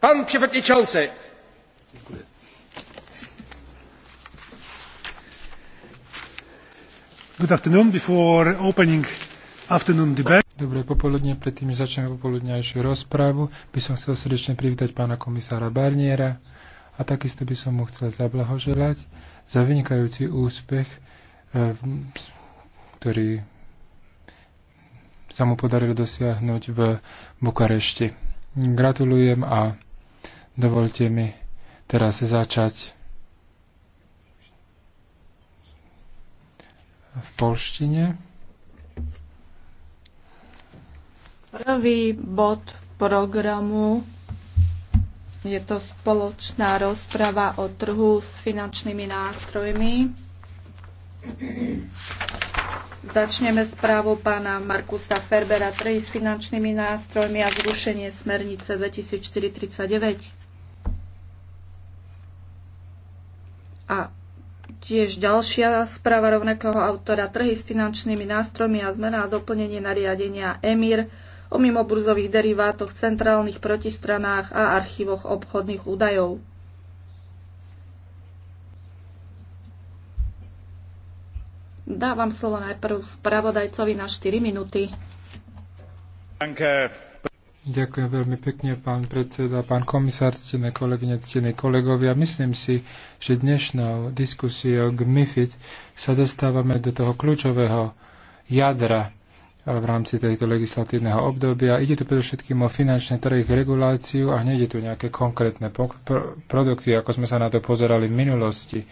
Pan przewodniczący. Good afternoon. Before opening afternoon debate. Dobré popoludne, predtým začneme popoludňajšiu rozprávu, by som chcel srdečne privítať pána komisára Barniera a takisto by som mu chcel zablahoželať za vynikajúci úspech, eh, ktorý sa mu podarilo dosiahnuť v Bukarešti. Gratulujem a Dovolte mi teraz začať v polštine. Prvý bod programu je to spoločná rozprava o trhu s finančnými nástrojmi. Začneme správu pána Markusa Ferbera, 3 s finančnými nástrojmi a zrušenie smernice 2439. A tiež ďalšia správa rovnakého autora Trhy s finančnými nástrojmi a zmena a doplnenie nariadenia EMIR o mimoburzových derivátoch, centrálnych protistranách a archívoch obchodných údajov. Dávam slovo najprv spravodajcovi na 4 minúty. Danke, Ďakujem veľmi pekne, pán predseda, pán komisár, ctené kolegyne, ctené kolegovia. Myslím si, že dnešnou diskusiou k MIFID sa dostávame do toho kľúčového jadra v rámci tejto legislatívneho obdobia. Ide tu predovšetkým o finančné trhy, reguláciu a hneď je tu nejaké konkrétne produkty, ako sme sa na to pozerali v minulosti.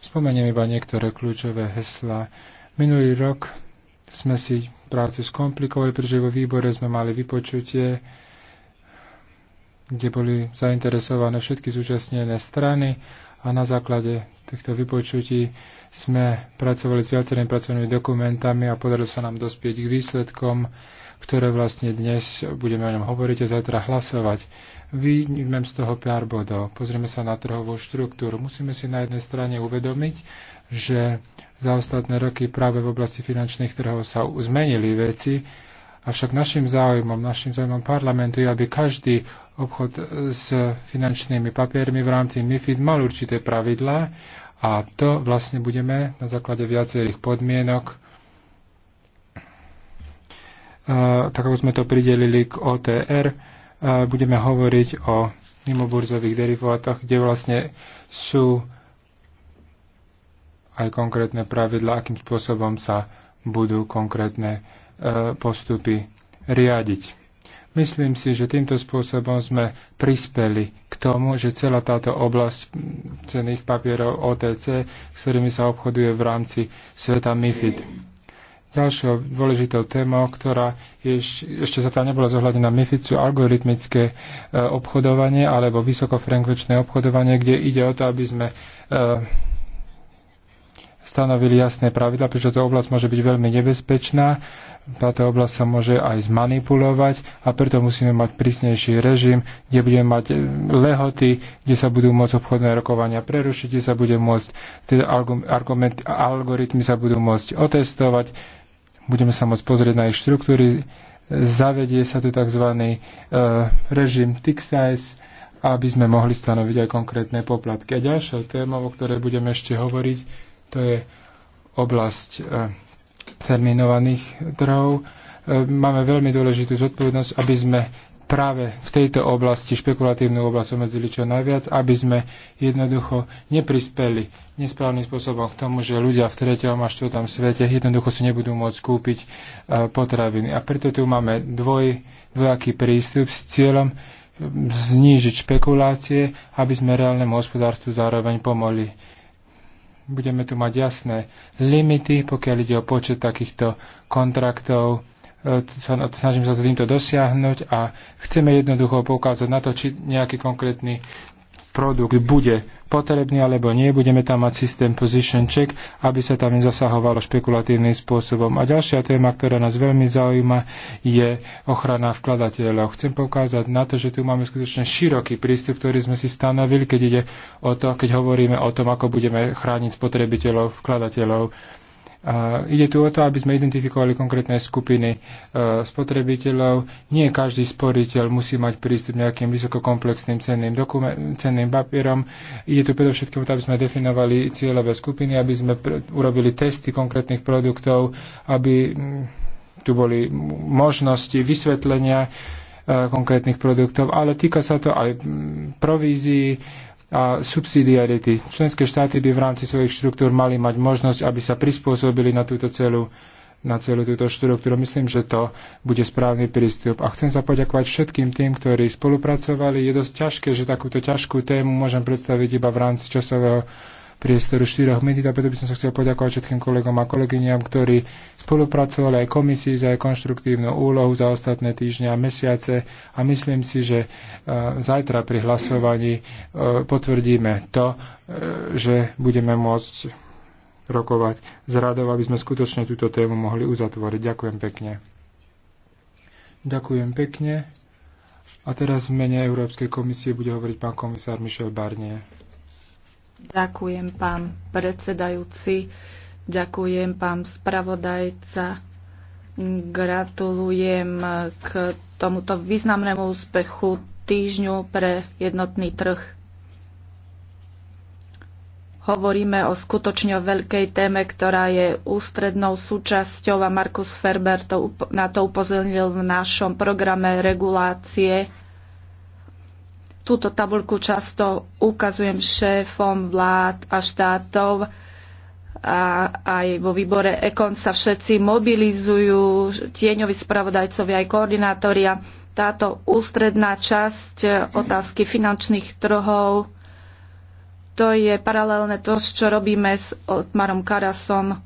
Spomeniem iba niektoré kľúčové heslá. Minulý rok sme si prácu skomplikovali, pretože vo výbore sme mali vypočutie, kde boli zainteresované všetky zúčastnené strany a na základe týchto vypočutí sme pracovali s viacerými pracovnými dokumentami a podarilo sa nám dospieť k výsledkom, ktoré vlastne dnes budeme o ňom hovoriť a zajtra hlasovať. Vyjmem z toho pár bodov. Pozrieme sa na trhovú štruktúru. Musíme si na jednej strane uvedomiť, že za ostatné roky práve v oblasti finančných trhov sa zmenili veci, avšak našim záujmom, našim záujmom parlamentu je, aby každý obchod s finančnými papiermi v rámci MIFID mal určité pravidlá a to vlastne budeme na základe viacerých podmienok eh, tak ako sme to pridelili k OTR, budeme hovoriť o mimoburzových derivátoch, kde vlastne sú aj konkrétne pravidla, akým spôsobom sa budú konkrétne e, postupy riadiť. Myslím si, že týmto spôsobom sme prispeli k tomu, že celá táto oblasť cených papierov OTC, s ktorými sa obchoduje v rámci sveta MIFID. Ďalšou dôležitou témou, ktorá ješ, ešte tam nebola zohľadená MIFID, sú algoritmické e, obchodovanie alebo vysokofrekvenčné obchodovanie, kde ide o to, aby sme e, stanovili jasné pravidla, pretože tá oblasť môže byť veľmi nebezpečná, táto oblasť sa môže aj zmanipulovať a preto musíme mať prísnejší režim, kde budeme mať e, lehoty, kde sa budú môcť obchodné rokovania prerušiť, kde sa bude môcť, teda argument, algoritmy sa budú môcť otestovať, budeme sa môcť pozrieť na ich štruktúry, zavedie sa tu tzv. E, režim tick size, aby sme mohli stanoviť aj konkrétne poplatky. A ďalšou témou, o ktorej budeme ešte hovoriť, to je oblasť e, terminovaných trhov. E, máme veľmi dôležitú zodpovednosť, aby sme práve v tejto oblasti, špekulatívnu oblasť obmedzili čo najviac, aby sme jednoducho neprispeli nesprávnym spôsobom k tomu, že ľudia v 3. a 4. svete jednoducho si nebudú môcť kúpiť e, potraviny. A preto tu máme dvoj, dvojaký prístup s cieľom e, znížiť špekulácie, aby sme reálnemu hospodárstvu zároveň pomohli. Budeme tu mať jasné limity, pokiaľ ide o počet takýchto kontraktov, snažím sa to týmto dosiahnuť a chceme jednoducho poukázať na to, či nejaký konkrétny produkt bude potrebný alebo nie. Budeme tam mať systém position check, aby sa tam nezasahovalo špekulatívnym spôsobom. A ďalšia téma, ktorá nás veľmi zaujíma, je ochrana vkladateľov. Chcem poukázať na to, že tu máme skutočne široký prístup, ktorý sme si stanovili, keď ide o to, keď hovoríme o tom, ako budeme chrániť spotrebiteľov, vkladateľov. Ide tu o to, aby sme identifikovali konkrétne skupiny e, spotrebiteľov. Nie každý sporiteľ musí mať prístup nejakým vysokokomplexným cenným, cenným papierom. Ide tu predovšetkým o to, aby sme definovali cieľové skupiny, aby sme urobili testy konkrétnych produktov, aby mm, tu boli možnosti vysvetlenia e, konkrétnych produktov, ale týka sa to aj mm, provízií, a subsidiarity. Členské štáty by v rámci svojich štruktúr mali mať možnosť, aby sa prispôsobili na túto celú na celú túto štruktúru. Myslím, že to bude správny prístup. A chcem sa poďakovať všetkým tým, ktorí spolupracovali. Je dosť ťažké, že takúto ťažkú tému môžem predstaviť iba v rámci časového priestoru štyroch minút a preto by som sa chcel poďakovať všetkým kolegom a kolegyňam, ktorí spolupracovali aj komisii za aj konštruktívnu úlohu za ostatné týždne a mesiace a myslím si, že e, zajtra pri hlasovaní e, potvrdíme to, e, že budeme môcť rokovať s radou, aby sme skutočne túto tému mohli uzatvoriť. Ďakujem pekne. Ďakujem pekne. A teraz v mene Európskej komisie bude hovoriť pán komisár Michel Barnier. Ďakujem, pán predsedajúci. Ďakujem, pán spravodajca. Gratulujem k tomuto významnému úspechu týždňu pre jednotný trh. Hovoríme o skutočne veľkej téme, ktorá je ústrednou súčasťou a Markus Ferber to, na to upozornil v našom programe regulácie Túto tabulku často ukazujem šéfom vlád a štátov a aj vo výbore EKON sa všetci mobilizujú, tieňoví spravodajcovia aj koordinátoria. Táto ústredná časť otázky finančných trhov, to je paralelné to, čo robíme s Otmarom Karasom.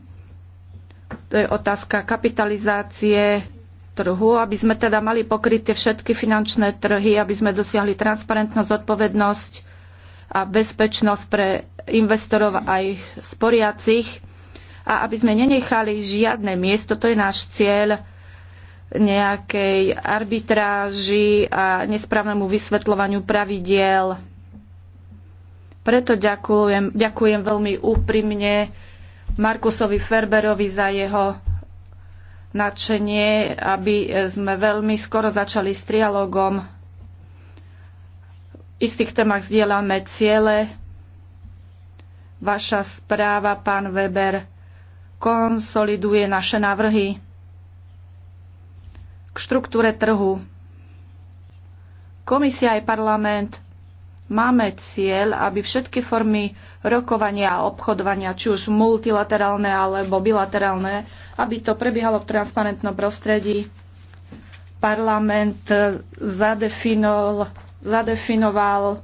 To je otázka kapitalizácie trhu, aby sme teda mali pokryté všetky finančné trhy, aby sme dosiahli transparentnosť, odpovednosť a bezpečnosť pre investorov aj sporiacich a aby sme nenechali žiadne miesto, to je náš cieľ, nejakej arbitráži a nesprávnemu vysvetľovaniu pravidiel. Preto ďakujem, ďakujem veľmi úprimne Markusovi Ferberovi za jeho nadšenie, aby sme veľmi skoro začali s trialogom. V istých témach zdieľame ciele. Vaša správa, pán Weber, konsoliduje naše návrhy k štruktúre trhu. Komisia aj parlament máme cieľ, aby všetky formy rokovania a obchodovania, či už multilaterálne alebo bilaterálne, aby to prebiehalo v transparentnom prostredí. Parlament eh, zadefinol, zadefinoval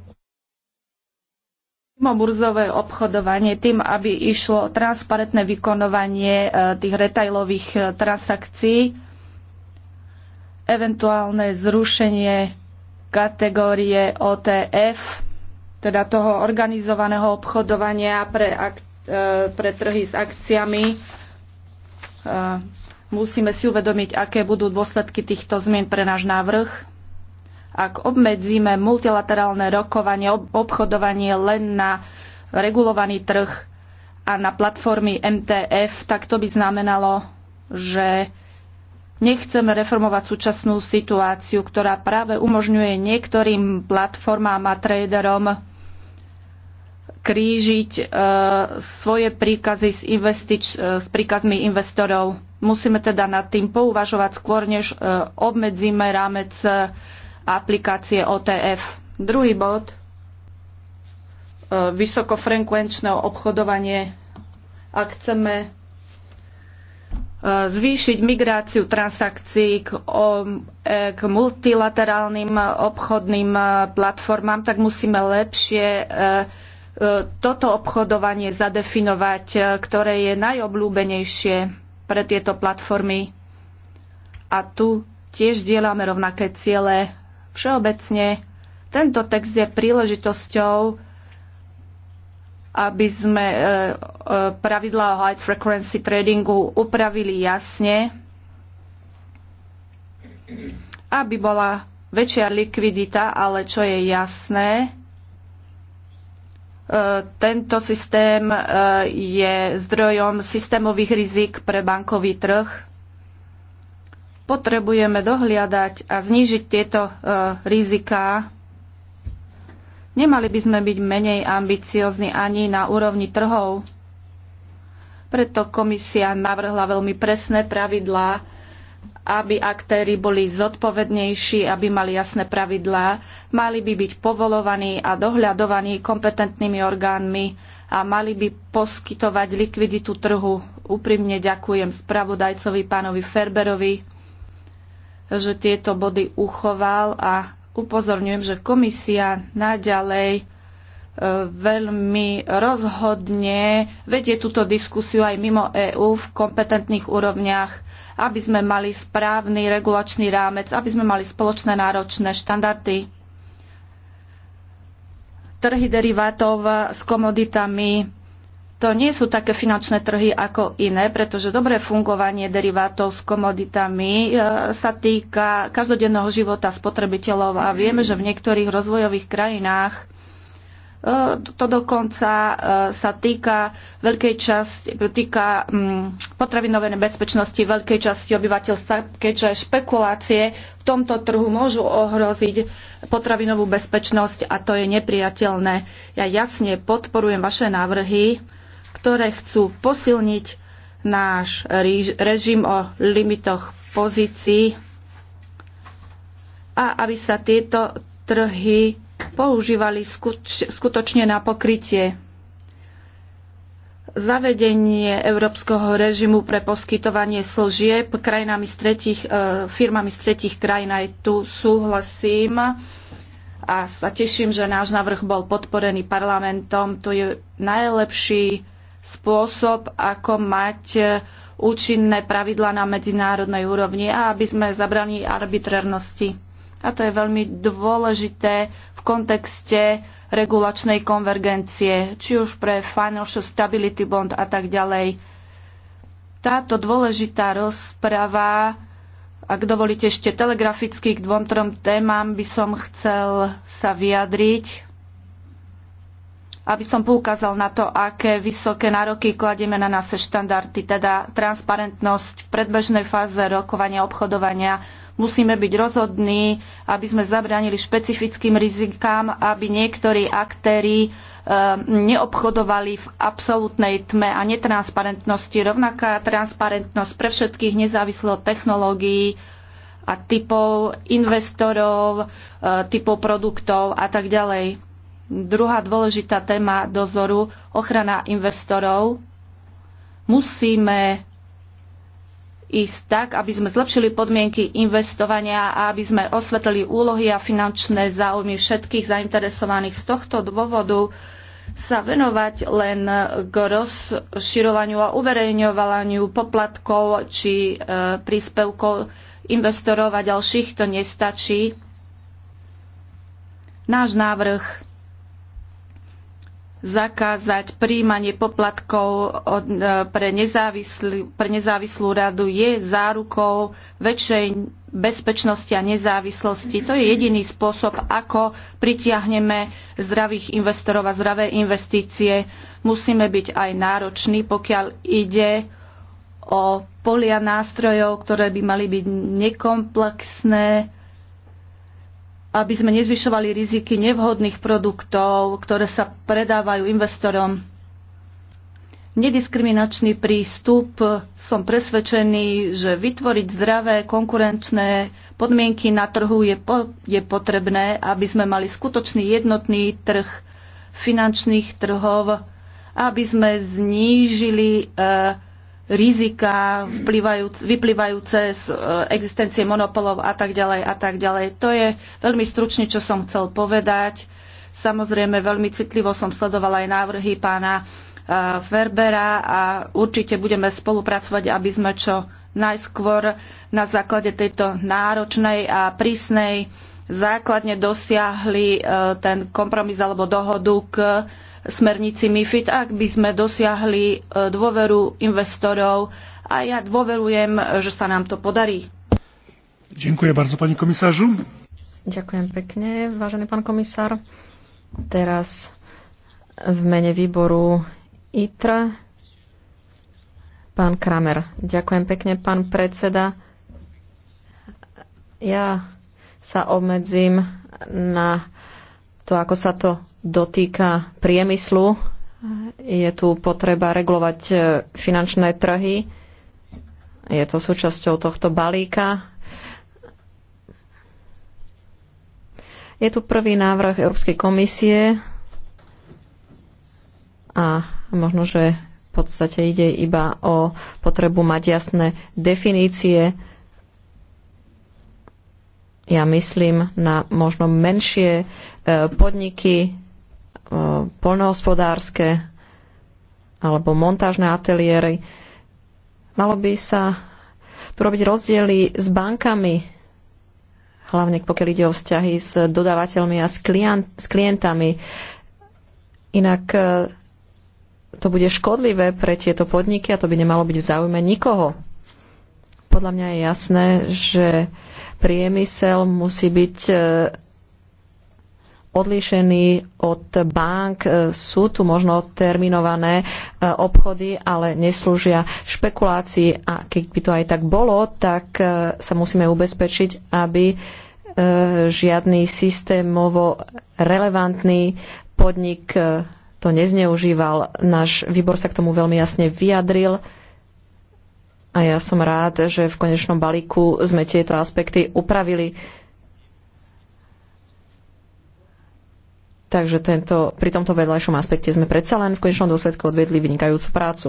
mimoburzové obchodovanie tým, aby išlo transparentné vykonovanie eh, tých retailových eh, transakcií, eventuálne zrušenie kategórie OTF, teda toho organizovaného obchodovania pre, ak, e, pre trhy s akciami. E, musíme si uvedomiť, aké budú dôsledky týchto zmien pre náš návrh. Ak obmedzíme multilaterálne rokovanie, obchodovanie len na regulovaný trh a na platformy MTF, tak to by znamenalo, že Nechceme reformovať súčasnú situáciu, ktorá práve umožňuje niektorým platformám a traderom krížiť uh, svoje príkazy s, investič, e, s príkazmi investorov. Musíme teda nad tým pouvažovať skôr, než uh, obmedzíme rámec aplikácie OTF. Druhý bod, Uh, vysokofrekvenčné obchodovanie. Ak chceme zvýšiť migráciu transakcií k, o, k multilaterálnym obchodným platformám, tak musíme lepšie e, toto obchodovanie zadefinovať, e, ktoré je najobľúbenejšie pre tieto platformy. A tu tiež dielame rovnaké ciele. Všeobecne tento text je príležitosťou, aby sme e, e, pravidlá o high frequency tradingu upravili jasne, aby bola väčšia likvidita, ale čo je jasné, tento systém e, je zdrojom systémových rizik pre bankový trh. Potrebujeme dohliadať a znížiť tieto e, riziká. Nemali by sme byť menej ambiciozni ani na úrovni trhov. Preto komisia navrhla veľmi presné pravidlá aby aktéry boli zodpovednejší, aby mali jasné pravidlá, mali by byť povolovaní a dohľadovaní kompetentnými orgánmi a mali by poskytovať likviditu trhu. Úprimne ďakujem spravodajcovi pánovi Ferberovi, že tieto body uchoval a upozorňujem, že komisia naďalej e, veľmi rozhodne vedie túto diskusiu aj mimo EÚ v kompetentných úrovniach aby sme mali správny regulačný rámec, aby sme mali spoločné náročné štandardy. Trhy derivátov s komoditami to nie sú také finančné trhy ako iné, pretože dobré fungovanie derivátov s komoditami e, sa týka každodenného života spotrebiteľov a vieme, že v niektorých rozvojových krajinách E, to dokonca e, sa týka veľkej časti, týka mm, potravinovej bezpečnosti veľkej časti obyvateľstva, keďže špekulácie v tomto trhu môžu ohroziť potravinovú bezpečnosť a to je nepriateľné. Ja jasne podporujem vaše návrhy, ktoré chcú posilniť náš režim o limitoch pozícií a aby sa tieto trhy používali skutočne na pokrytie. Zavedenie európskeho režimu pre poskytovanie služieb krajinami z tretich, e, firmami z tretich krajín aj tu súhlasím a sa teším, že náš návrh bol podporený parlamentom. To je najlepší spôsob, ako mať účinné pravidla na medzinárodnej úrovni a aby sme zabrali arbitrernosti. A to je veľmi dôležité v kontexte regulačnej konvergencie, či už pre Financial Stability Bond a tak ďalej. Táto dôležitá rozprava, ak dovolíte ešte telegraficky k dvom, trom témam, by som chcel sa vyjadriť, aby som poukázal na to, aké vysoké nároky kladieme na naše štandardy, teda transparentnosť v predbežnej fáze rokovania obchodovania Musíme byť rozhodní, aby sme zabránili špecifickým rizikám, aby niektorí aktéry e, neobchodovali v absolútnej tme a netransparentnosti. Rovnaká transparentnosť pre všetkých nezávislo od technológií a typov investorov, e, typov produktov a tak ďalej. Druhá dôležitá téma dozoru, ochrana investorov. Musíme ísť tak, aby sme zlepšili podmienky investovania a aby sme osvetlili úlohy a finančné záujmy všetkých zainteresovaných. Z tohto dôvodu sa venovať len k rozširovaniu a uverejňovaniu poplatkov či e, príspevkov investorov a ďalších to nestačí. Náš návrh zakázať príjmanie poplatkov od, e, pre, nezávislú, pre nezávislú radu je zárukou väčšej bezpečnosti a nezávislosti. To je jediný spôsob, ako pritiahneme zdravých investorov a zdravé investície. Musíme byť aj nároční, pokiaľ ide o polia nástrojov, ktoré by mali byť nekomplexné, aby sme nezvyšovali riziky nevhodných produktov, ktoré sa predávajú investorom. Nediskriminačný prístup som presvedčený, že vytvoriť zdravé konkurenčné podmienky na trhu je, po, je potrebné, aby sme mali skutočný jednotný trh finančných trhov, aby sme znížili uh, rizika vyplývajúce z e, existencie monopolov a tak ďalej a tak ďalej. To je veľmi stručne, čo som chcel povedať. Samozrejme, veľmi citlivo som sledovala aj návrhy pána e, Ferbera a určite budeme spolupracovať, aby sme čo najskôr na základe tejto náročnej a prísnej základne dosiahli e, ten kompromis alebo dohodu k smernici MIFID, ak by sme dosiahli e, dôveru investorov a ja dôverujem, že sa nám to podarí. Ďakujem bardzo, pani komisážu. Ďakujem pekne, vážený pán komisár. Teraz v mene výboru ITRA pán Kramer. Ďakujem pekne, pán predseda. Ja sa obmedzím na to, ako sa to dotýka priemyslu. Je tu potreba regulovať e, finančné trhy. Je to súčasťou tohto balíka. Je tu prvý návrh Európskej komisie a možno, že v podstate ide iba o potrebu mať jasné definície. Ja myslím na možno menšie e, podniky, poľnohospodárske alebo montážne ateliéry. Malo by sa tu robiť rozdiely s bankami, hlavne pokiaľ ide o vzťahy s dodávateľmi a s, klient, s klientami. Inak e, to bude škodlivé pre tieto podniky a to by nemalo byť v záujme nikoho. Podľa mňa je jasné, že priemysel musí byť e, odlíšení od bank. E, sú tu možno terminované e, obchody, ale neslúžia špekulácii a keď by to aj tak bolo, tak e, sa musíme ubezpečiť, aby žiadny systémovo relevantný podnik to nezneužíval. Náš výbor sa k tomu veľmi jasne vyjadril. A ja som rád, že v konečnom balíku sme tieto aspekty upravili. Takže tento, pri tomto vedľajšom aspekte sme predsa len v konečnom dôsledku odvedli vynikajúcu prácu.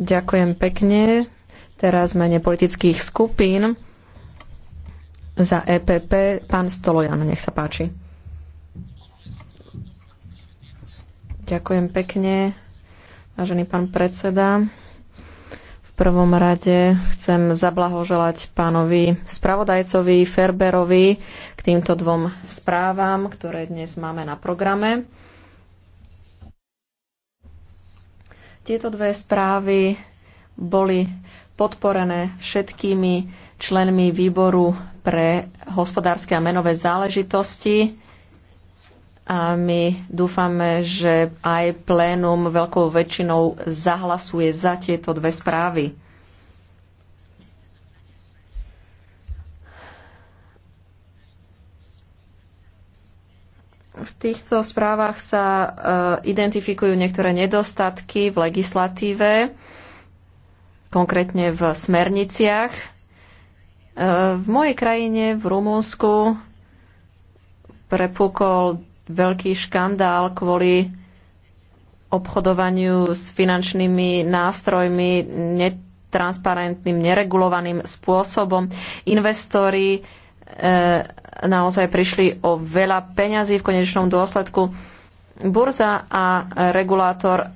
Ďakujem pekne. Teraz mene politických skupín za EPP pán Stolojan. Nech sa páči. Ďakujem pekne, vážený pán predseda prvom rade chcem zablahoželať pánovi spravodajcovi Ferberovi k týmto dvom správam, ktoré dnes máme na programe. Tieto dve správy boli podporené všetkými členmi výboru pre hospodárske a menové záležitosti a my dúfame, že aj plénum veľkou väčšinou zahlasuje za tieto dve správy. V týchto správach sa uh, identifikujú niektoré nedostatky v legislatíve, konkrétne v smerniciach. Uh, v mojej krajine, v Rumúnsku, prepukol veľký škandál kvôli obchodovaniu s finančnými nástrojmi netransparentným, neregulovaným spôsobom. Investori e, naozaj prišli o veľa peňazí v konečnom dôsledku. Burza a regulátor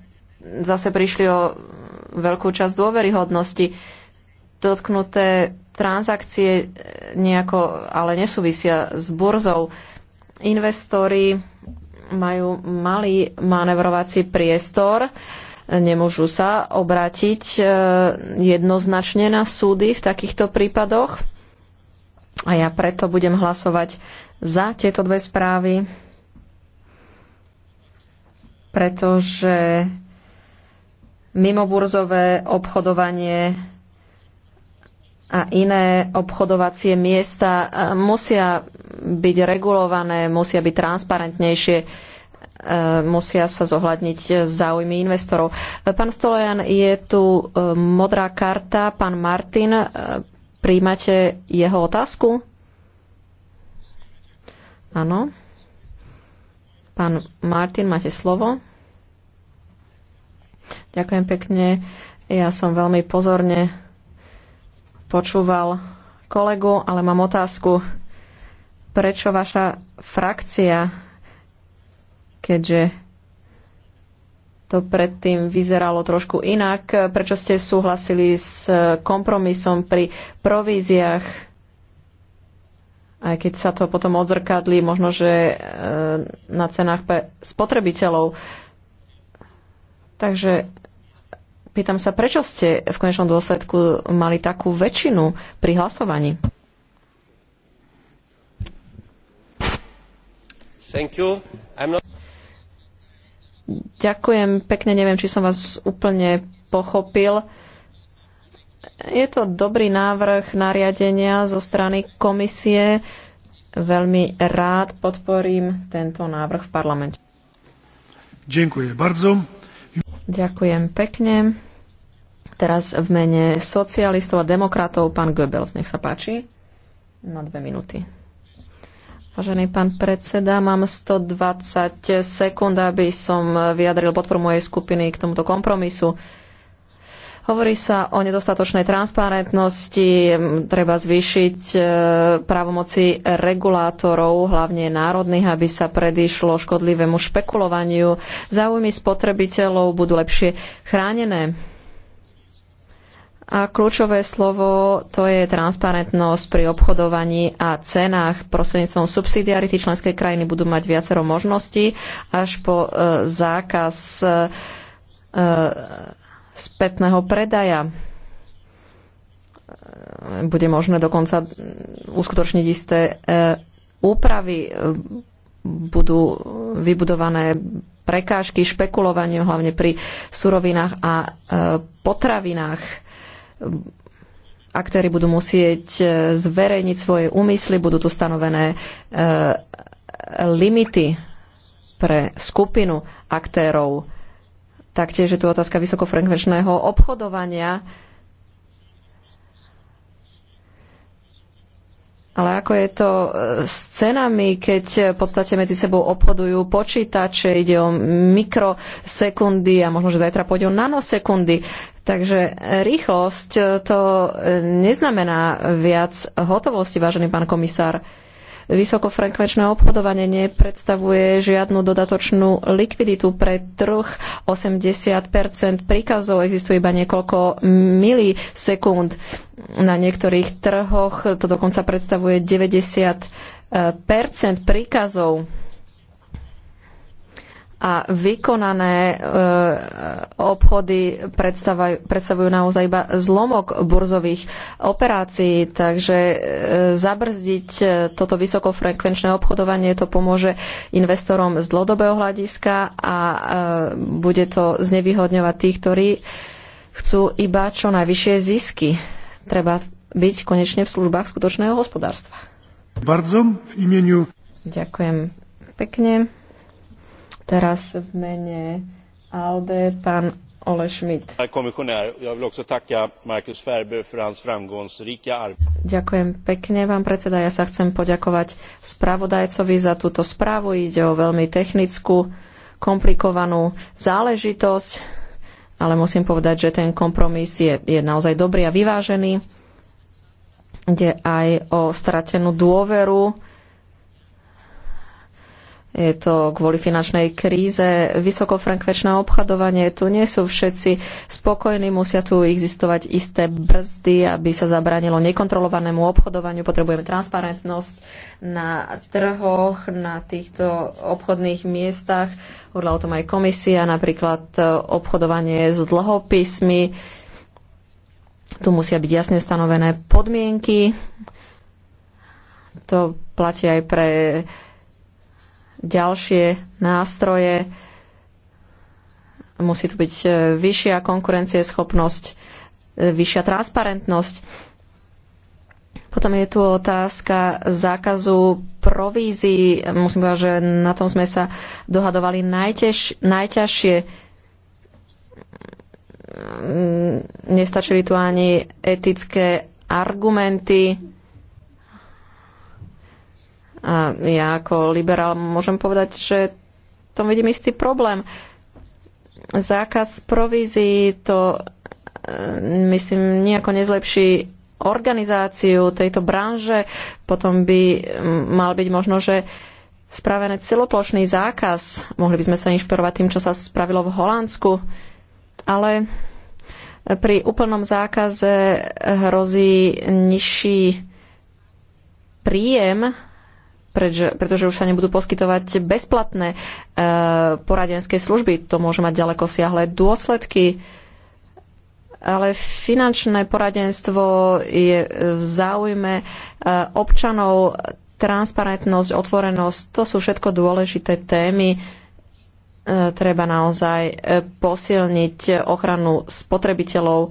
zase prišli o veľkú časť dôveryhodnosti. Dotknuté transakcie e, nejako ale nesúvisia s burzou. E, Investori majú malý manevrovací priestor, nemôžu sa obrátiť e, jednoznačne na súdy v takýchto prípadoch. A ja preto budem hlasovať za tieto dve správy, pretože mimoburzové obchodovanie a iné obchodovacie miesta e, musia byť regulované, musia byť transparentnejšie, e, musia sa zohľadniť záujmy investorov. Pán Stolojan, je tu e, modrá karta. Pán Martin, príjmate jeho otázku? Áno. Pán Martin, máte slovo. Ďakujem pekne. Ja som veľmi pozorne počúval kolegu, ale mám otázku, prečo vaša frakcia, keďže to predtým vyzeralo trošku inak, prečo ste súhlasili s kompromisom pri províziách, aj keď sa to potom odzrkadli, možno, že e, na cenách pre spotrebiteľov. Takže Pýtam sa, prečo ste v konečnom dôsledku mali takú väčšinu pri hlasovaní? Not... Ďakujem pekne, neviem, či som vás úplne pochopil. Je to dobrý návrh nariadenia zo strany komisie. Veľmi rád podporím tento návrh v parlamente. Ďakujem bardzo. Ďakujem pekne. Teraz v mene socialistov a demokratov pán Goebbels, nech sa páči. Na dve minúty. Vážený pán predseda, mám 120 sekúnd, aby som vyjadril podporu mojej skupiny k tomuto kompromisu. Hovorí sa o nedostatočnej transparentnosti, treba zvýšiť e, právomoci regulátorov, hlavne národných, aby sa predišlo škodlivému špekulovaniu. Záujmy spotrebiteľov budú lepšie chránené a kľúčové slovo to je transparentnosť pri obchodovaní a cenách. Prostredníctvom subsidiarity členské krajiny budú mať viacero možností až po e, zákaz e, e spätného predaja. E, bude možné dokonca uskutočniť isté e, úpravy. E, budú vybudované prekážky špekulovaniu, hlavne pri surovinách a potravinách aktéry budú musieť e, zverejniť svoje úmysly, budú tu stanovené e, limity pre skupinu aktérov. Taktiež je tu otázka vysokofrekvenčného obchodovania. Ale ako je to e, s cenami, keď v podstate medzi sebou obchodujú počítače, ide o mikrosekundy a možno, že zajtra pôjde o nanosekundy. Takže e, rýchlosť e, to e, neznamená viac hotovosti, vážený pán komisár. Vysokofrekvenčné obchodovanie nepredstavuje žiadnu dodatočnú likviditu pre trh. 80 príkazov existuje iba niekoľko milisekúnd. Na niektorých trhoch to dokonca predstavuje 90 príkazov a vykonané e, obchody predstavujú naozaj iba zlomok burzových operácií, takže e, zabrzdiť e, toto vysokofrekvenčné obchodovanie to pomôže investorom z dlhodobého hľadiska a bude to znevýhodňovať tých, ktorí chcú iba čo najvyššie zisky. Treba byť konečne v službách skutočného hospodárstva. Bardzo v imieniu. Ďakujem pekne. Teraz v mene Alde pán Ole Schmidt. Ďakujem pekne vám, predseda. Ja sa chcem poďakovať spravodajcovi za túto správu. Ide o veľmi technickú, komplikovanú záležitosť, ale musím povedať, že ten kompromis je, je naozaj dobrý a vyvážený. Ide aj o stratenú dôveru je to kvôli finančnej kríze, vysokofrankvečné obchadovanie, tu nie sú všetci spokojní, musia tu existovať isté brzdy, aby sa zabránilo nekontrolovanému obchodovaniu, potrebujeme transparentnosť na trhoch, na týchto obchodných miestach, hovorila o tom aj komisia, napríklad obchodovanie s dlhopismi, tu musia byť jasne stanovené podmienky, to platí aj pre ďalšie nástroje. Musí tu byť e, vyššia konkurencieschopnosť, e, vyššia transparentnosť. Potom je tu otázka zákazu provízií. Musím povedať, že na tom sme sa dohadovali najtež, najťažšie nestačili tu ani etické argumenty. A ja ako liberál môžem povedať, že tom vidím istý problém. Zákaz provízií to e, myslím nejako nezlepší organizáciu tejto branže, potom by mal byť možno, že spravené celoplošný zákaz. Mohli by sme sa inšpirovať tým, čo sa spravilo v Holandsku, ale pri úplnom zákaze hrozí nižší príjem pretože už sa nebudú poskytovať bezplatné e, poradenské služby. To môže mať ďaleko siahle dôsledky. Ale finančné poradenstvo je v záujme e, občanov. Transparentnosť, otvorenosť, to sú všetko dôležité témy. E, treba naozaj posilniť ochranu spotrebiteľov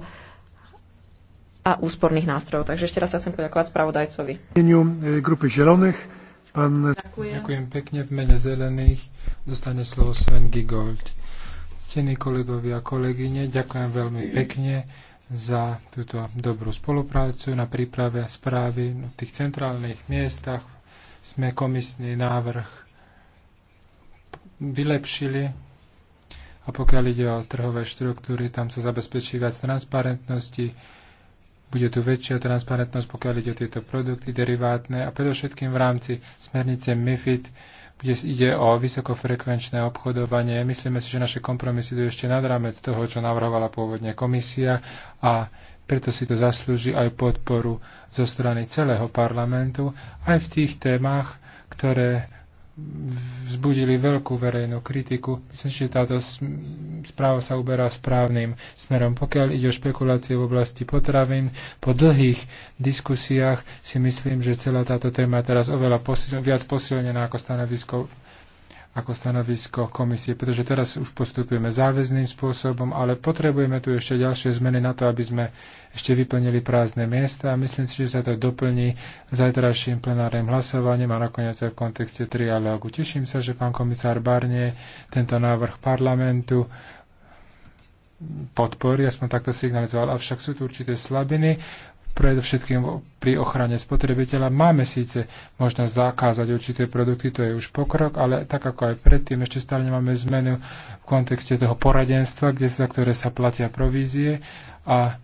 a úsporných nástrojov. Takže ešte raz sa chcem poďakovať spravodajcovi. Grupy zelených. Pán... Ďakujem. Ďakujem pekne. V mene zelených dostane slovo Sven Gigold. Ctení kolegovia a kolegyne, ďakujem veľmi pekne za túto dobrú spoluprácu na príprave správy na tých centrálnych miestach. Sme komisný návrh vylepšili a pokiaľ ide o trhové štruktúry, tam sa zabezpečí viac transparentnosti, bude tu väčšia transparentnosť, pokiaľ ide o tieto produkty derivátne a predovšetkým v rámci smernice MIFID, kde ide o vysokofrekvenčné obchodovanie. Myslíme si, že naše kompromisy idú ešte nad rámec toho, čo navrhovala pôvodne komisia a preto si to zaslúži aj podporu zo strany celého parlamentu, aj v tých témach, ktoré vzbudili veľkú verejnú kritiku. Myslím, že táto správa sa uberá správnym smerom. Pokiaľ ide o špekulácie v oblasti potravín, po dlhých diskusiách si myslím, že celá táto téma je teraz oveľa posil- viac posilnená ako stanovisko ako stanovisko komisie, pretože teraz už postupujeme záväzným spôsobom, ale potrebujeme tu ešte ďalšie zmeny na to, aby sme ešte vyplnili prázdne miesta a myslím si, že sa to doplní zajtrajším plenárnym hlasovaním a nakoniec aj v kontexte trialógu. Teším sa, že pán komisár Barnie tento návrh parlamentu podporí, ja som takto signalizoval, avšak sú tu určité slabiny, predovšetkým pri ochrane spotrebiteľa. Máme síce možnosť zakázať určité produkty, to je už pokrok, ale tak ako aj predtým, ešte stále nemáme zmenu v kontexte toho poradenstva, kde sa, ktoré sa platia provízie a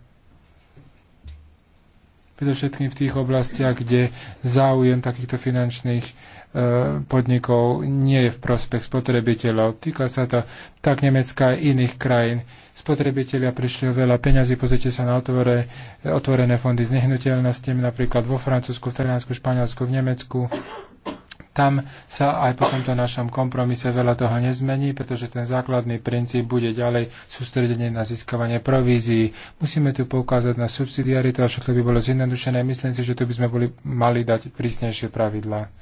predovšetkým v tých oblastiach, kde záujem takýchto finančných Eh, podnikov nie je v prospech spotrebiteľov. Týka sa to tak Nemecka aj iných krajín. Spotrebitelia prišli o veľa peňazí, pozrite sa na otvore, eh, otvorené fondy s nehnuteľnostiami, napríklad vo Francúzsku, v Taliansku, Španielsku, v Nemecku. Tam sa aj po tomto našom kompromise veľa toho nezmení, pretože ten základný princíp bude ďalej sústredenie na získavanie provízií. Musíme tu poukázať na subsidiaritu a všetko by bolo zjednodušené. Myslím si, že tu by sme boli, mali dať prísnejšie pravidlá.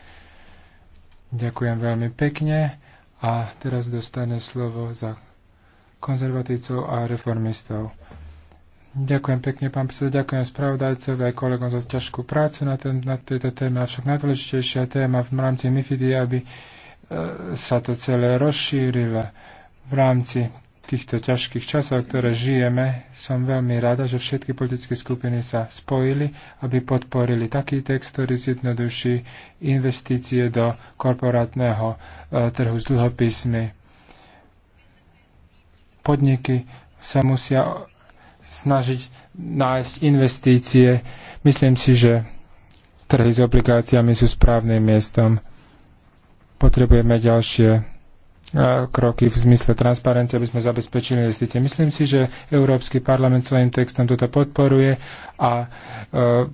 Ďakujem veľmi pekne a teraz dostane slovo za konzervatívcov a reformistov. Ďakujem pekne, pán predseda, ďakujem spravodajcovi aj kolegom za ťažkú prácu na, ten, na tejto téme, avšak najdôležitejšia téma v rámci MIFID je, aby e, sa to celé rozšírilo v rámci týchto ťažkých časov, ktoré žijeme, som veľmi rada, že všetky politické skupiny sa spojili, aby podporili taký text, ktorý zjednoduší investície do korporátneho e, trhu s dlhopismi. Podniky sa musia snažiť nájsť investície. Myslím si, že trhy s obligáciami sú správnym miestom. Potrebujeme ďalšie kroky v zmysle transparencie, aby sme zabezpečili investície. Myslím si, že Európsky parlament svojim textom toto podporuje a e,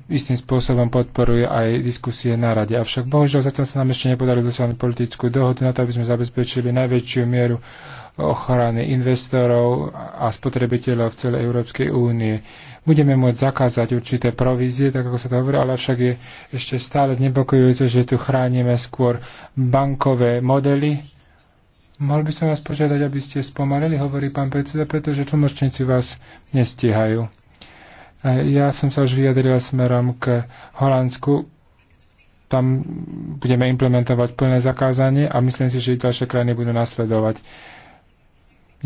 istým spôsobom podporuje aj diskusie na rade. Avšak bohužiaľ zatiaľ sa nám ešte nepodarilo dosiahnuť politickú dohodu na to, aby sme zabezpečili najväčšiu mieru ochrany investorov a spotrebiteľov v celej Európskej únie. Budeme môcť zakázať určité provízie, tak ako sa to hovorí, ale však je ešte stále znepokojujúce, že tu chránime skôr bankové modely, Mal by som vás požiadať, aby ste spomalili, hovorí pán predseda, pretože tlmočníci vás nestíhajú. E, ja som sa už vyjadril smerom k Holandsku. Tam budeme implementovať plné zakázanie a myslím si, že i ďalšie krajiny budú nasledovať.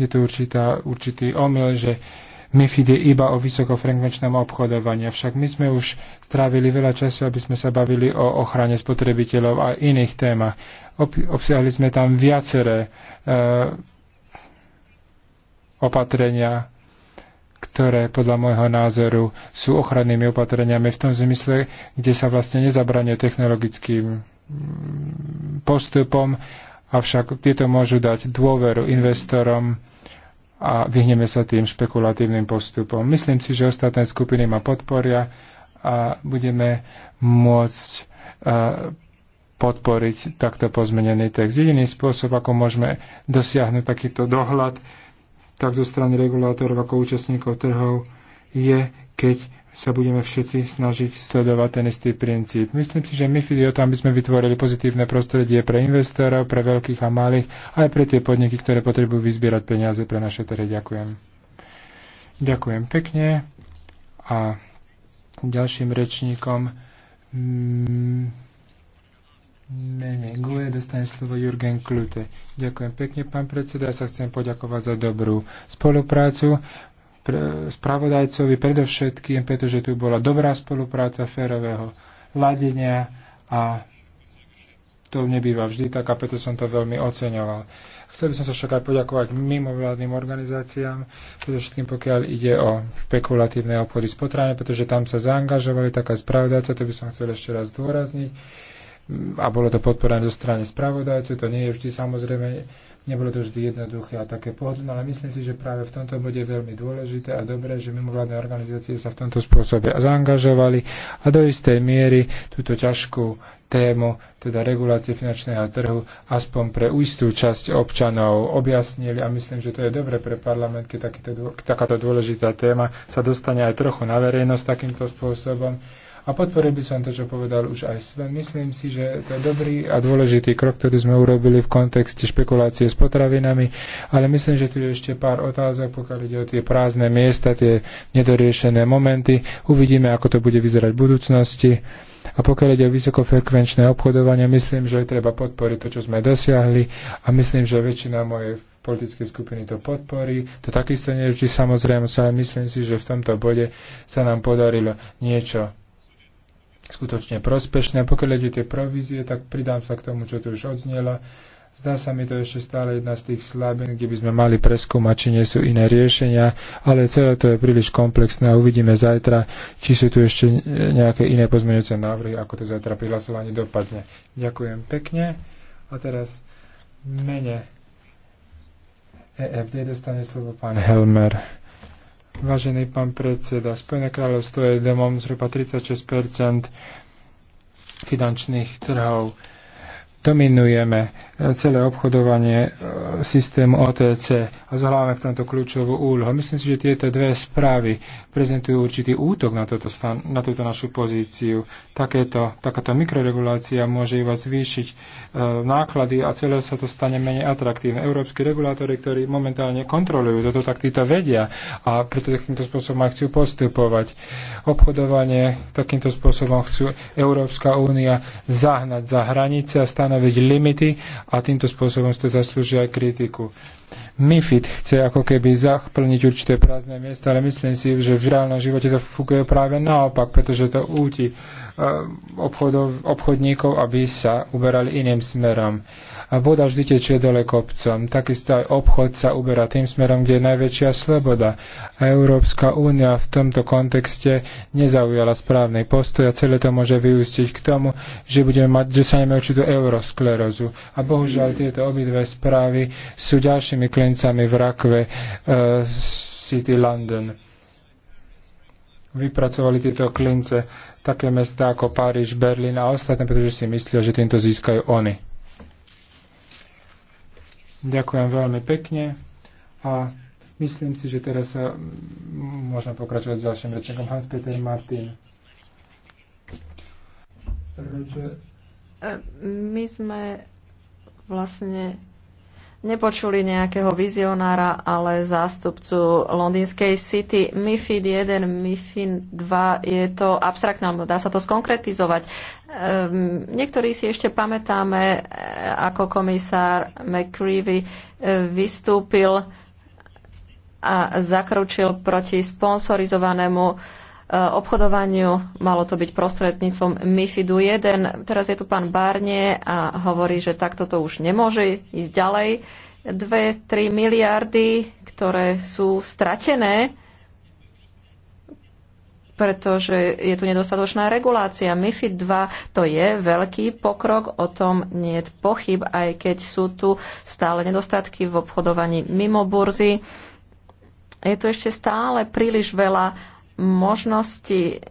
Je tu určitá, určitý omyl, že MIFID je iba o vysokofrekvenčnom obchodovaní. Však my sme už strávili veľa času, aby sme sa bavili o ochrane spotrebiteľov a iných témach. Ob- obsiahli sme tam viaceré e, opatrenia, ktoré podľa môjho názoru sú ochrannými opatreniami v tom zmysle, kde sa vlastne nezabranie technologickým postupom, avšak tieto môžu dať dôveru investorom, a vyhneme sa tým špekulatívnym postupom. Myslím si, že ostatné skupiny ma podporia a budeme môcť e, podporiť takto pozmenený text. Jediný spôsob, ako môžeme dosiahnuť takýto dohľad, tak zo strany regulátorov ako účastníkov trhov, je, keď sa budeme všetci snažiť sledovať ten istý princíp. Myslím si, že my o tom, by sme vytvorili pozitívne prostredie pre investorov, pre veľkých a malých, aj pre tie podniky, ktoré potrebujú vyzbierať peniaze pre naše trhy. Ďakujem. Ďakujem pekne. A ďalším rečníkom mene mm, Gule dostane slovo Jurgen Klute. Ďakujem pekne, pán predseda. Ja sa chcem poďakovať za dobrú spoluprácu spravodajcovi predovšetkým, pretože tu bola dobrá spolupráca férového ladenia a to nebýva vždy tak a preto som to veľmi oceňoval. Chcel by som sa však aj poďakovať mimovládnym organizáciám, predovšetkým pokiaľ ide o špekulatívne obchody s potravinami, pretože tam sa zaangažovali, taká spravodajca, to by som chcel ešte raz zdôrazniť a bolo to podporené zo strany spravodajcov, to nie je vždy samozrejme Nebolo to vždy jednoduché a také pohodlné, ale myslím si, že práve v tomto bude veľmi dôležité a dobré, že mimovládne organizácie sa v tomto spôsobe zaangažovali a do istej miery túto ťažkú tému, teda regulácie finančného trhu, aspoň pre istú časť občanov objasnili a myslím, že to je dobre pre parlament, keď takýto, takáto dôležitá téma sa dostane aj trochu na verejnosť takýmto spôsobom a podporil by som to, čo povedal už aj Sven. Myslím si, že to je dobrý a dôležitý krok, ktorý sme urobili v kontexte špekulácie s potravinami, ale myslím, že tu je ešte pár otázok, pokiaľ ide o tie prázdne miesta, tie nedoriešené momenty. Uvidíme, ako to bude vyzerať v budúcnosti. A pokiaľ ide o vysokofrekvenčné obchodovanie, myslím, že treba podporiť to, čo sme dosiahli a myslím, že väčšina mojej politické skupiny to podporí. To takisto nie vždy samozrejme, ale myslím si, že v tomto bode sa nám podarilo niečo skutočne prospešné. Pokiaľ ide tie provízie, tak pridám sa k tomu, čo tu už odznelo. Zdá sa mi to ešte stále jedna z tých slabín, kde by sme mali preskúmať, či nie sú iné riešenia, ale celé to je príliš komplexné a uvidíme zajtra, či sú tu ešte nejaké iné pozmeňujúce návrhy, ako to zajtra pri hlasovaní dopadne. Ďakujem pekne. A teraz mene EFD dostane slovo pán Helmer. Vážený pán predseda, Spojené kráľovstvo je domom zhruba 36 finančných trhov. Dominujeme celé obchodovanie e, systému OTC a zohrávame v tomto kľúčovú úlohu. Myslím si, že tieto dve správy prezentujú určitý útok na, toto stan- na túto našu pozíciu. Takéto, takáto mikroregulácia môže iba zvýšiť e, náklady a celé sa to stane menej atraktívne. Európsky regulátori, ktorí momentálne kontrolujú toto, tak títo vedia a preto takýmto spôsobom aj chcú postupovať. Obchodovanie takýmto spôsobom chcú Európska únia zahnať za hranice a stanoviť limity a týmto spôsobom si to zaslúžia aj kritiku. MIFID chce ako keby zaplniť určité prázdne miesta, ale myslím si, že v reálnom živote to funguje práve naopak, pretože to úti Eh, obchodov, obchodníkov, aby sa uberali iným smerom. A voda vždy tečie dole kopcom. Takisto aj obchod sa uberá tým smerom, kde je najväčšia sloboda. A Európska únia v tomto kontexte nezaujala správny postoj a celé to môže vyústiť k tomu, že, budeme mať, že sa určitú eurosklerozu. A bohužiaľ tieto obidve správy sú ďalšími klincami v rakve uh, City London vypracovali tieto klince také mesta ako Páriž, Berlín a ostatné, pretože si myslia, že týmto získajú oni. Ďakujem veľmi pekne a myslím si, že teraz sa môžeme pokračovať s ďalším rečníkom Hans-Peter Martin. E, my sme vlastne nepočuli nejakého vizionára, ale zástupcu londýnskej City. MIFID 1, MIFID 2, je to abstraktné, alebo dá sa to skonkretizovať. Um, niektorí si ešte pamätáme, e, ako komisár McCreevy e, vystúpil a zakročil proti sponsorizovanému Eh, obchodovaniu. Malo to byť prostredníctvom MIFIDu 1. Teraz je tu pán Barnie a hovorí, že takto to už nemôže ísť ďalej. 2-3 miliardy, ktoré sú stratené, pretože je tu nedostatočná regulácia. MIFID 2 to je veľký pokrok, o tom nie je pochyb, aj keď sú tu stále nedostatky v obchodovaní mimo burzy. Je tu ešte stále príliš veľa možnosti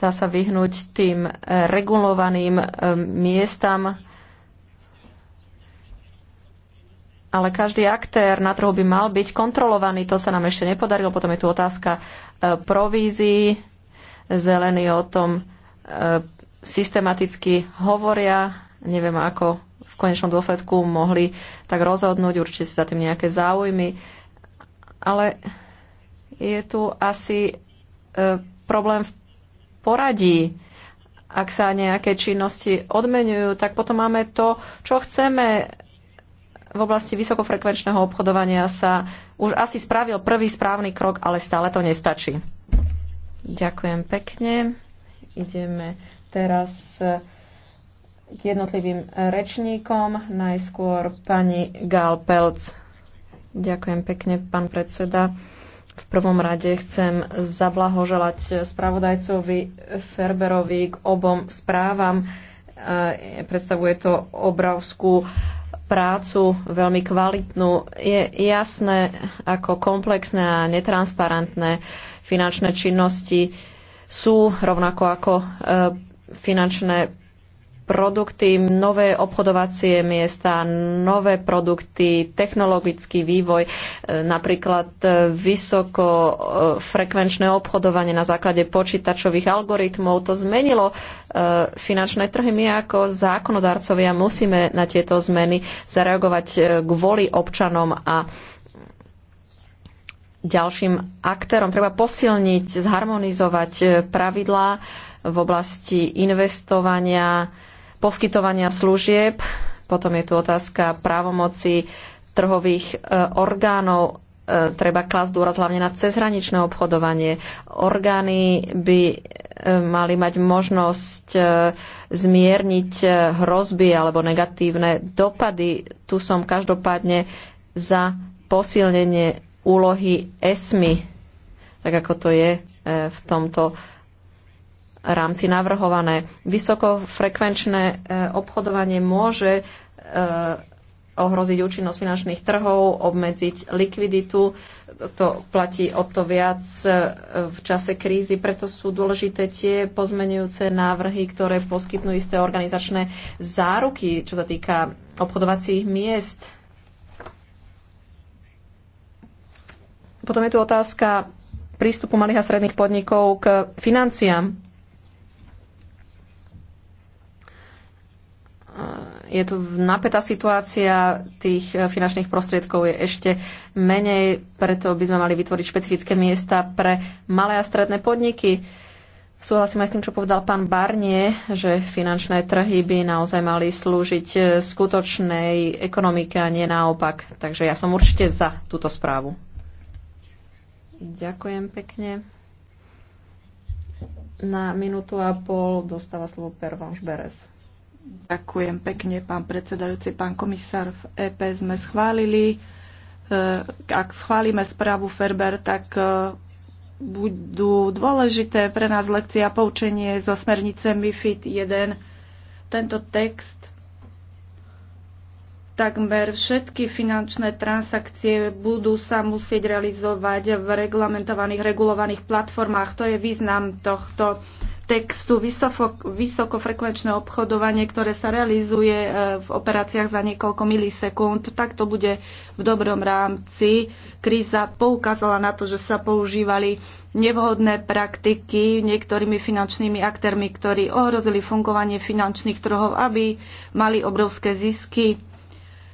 dá sa vyhnúť tým regulovaným eh, miestam, ale každý aktér na trhu by mal byť kontrolovaný. To sa nám ešte nepodarilo. Potom je tu otázka eh, provízií. Zelení o tom eh, systematicky hovoria. Neviem, ako v konečnom dôsledku mohli tak rozhodnúť. Určite si za tým nejaké záujmy. Ale je tu asi e, problém v poradí. Ak sa nejaké činnosti odmenujú, tak potom máme to, čo chceme. V oblasti vysokofrekvenčného obchodovania sa už asi spravil prvý správny krok, ale stále to nestačí. Ďakujem pekne. Ideme teraz e, k jednotlivým e, rečníkom. Najskôr pani Pelc. Ďakujem pekne, pán predseda. V prvom rade chcem zablahoželať spravodajcovi Ferberovi k obom správam. E, predstavuje to obrovskú prácu, veľmi kvalitnú. Je jasné, ako komplexné a netransparentné finančné činnosti sú, rovnako ako e, finančné produkty, nové obchodovacie miesta, nové produkty, technologický vývoj, e, napríklad e, vysoko e, frekvenčné obchodovanie na základe počítačových algoritmov. To zmenilo finančné trhy. My ako zákonodarcovia musíme na tieto zmeny zareagovať kvôli občanom a ďalším aktérom. Treba posilniť, zharmonizovať pravidlá v oblasti investovania, poskytovania služieb. Potom je tu otázka právomoci trhových e, orgánov. E, treba klásť dôraz hlavne na cezhraničné obchodovanie. Orgány by e, mali mať možnosť zmierniť hrozby alebo negatívne dopady. Tu som každopádne za posilnenie úlohy ESMI, tak ako to je v tomto rámci navrhované. Vysokofrekvenčné e, obchodovanie môže e, ohroziť účinnosť finančných trhov, obmedziť likviditu. To platí o to viac e, v čase krízy, preto sú dôležité tie pozmenujúce návrhy, ktoré poskytnú isté organizačné záruky, čo sa týka obchodovacích miest. Potom je tu otázka prístupu malých a stredných podnikov k financiám Eh, je tu napätá situácia, tých eh, finančných prostriedkov je ešte menej, preto by sme mali vytvoriť špecifické miesta pre malé a stredné podniky. Súhlasím aj s tým, čo povedal pán Barnie, že finančné trhy by naozaj mali slúžiť eh, skutočnej ekonomike a nie naopak. Takže ja som určite za túto správu. Ďakujem pekne. Na minútu a pol dostáva slovo Pervanš Beres. Ďakujem pekne, pán predsedajúci, pán komisár. V EP sme schválili, e, ak schválime správu Ferber, tak e, budú dôležité pre nás lekcie a poučenie zo smernice MIFID 1. Tento text takmer všetky finančné transakcie budú sa musieť realizovať v reglamentovaných, regulovaných platformách. To je význam tohto textu vysoko, vysokofrekvenčné obchodovanie, ktoré sa realizuje e, v operáciách za niekoľko milisekúnd, tak to bude v dobrom rámci. Kríza poukázala na to, že sa používali nevhodné praktiky niektorými finančnými aktérmi, ktorí ohrozili fungovanie finančných trhov, aby mali obrovské zisky.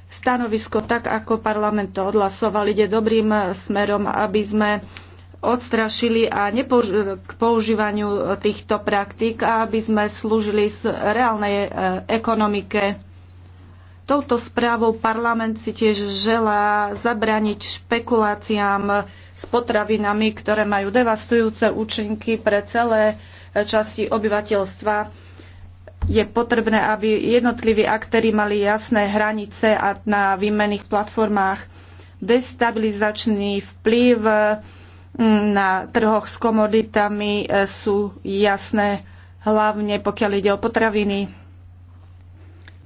Stanovisko, tak ako parlament to odhlasoval, ide dobrým e, smerom, aby sme odstrašili a nepouž- k používaniu týchto praktík, aby sme slúžili z reálnej e, ekonomike. Touto správou parlament si tiež želá zabrániť špekuláciám s potravinami, ktoré majú devastujúce účinky pre celé e, časti obyvateľstva. Je potrebné, aby jednotliví aktéry mali jasné hranice a na výmenných platformách destabilizačný vplyv na trhoch s komoditami e, sú jasné, hlavne pokiaľ ide o potraviny.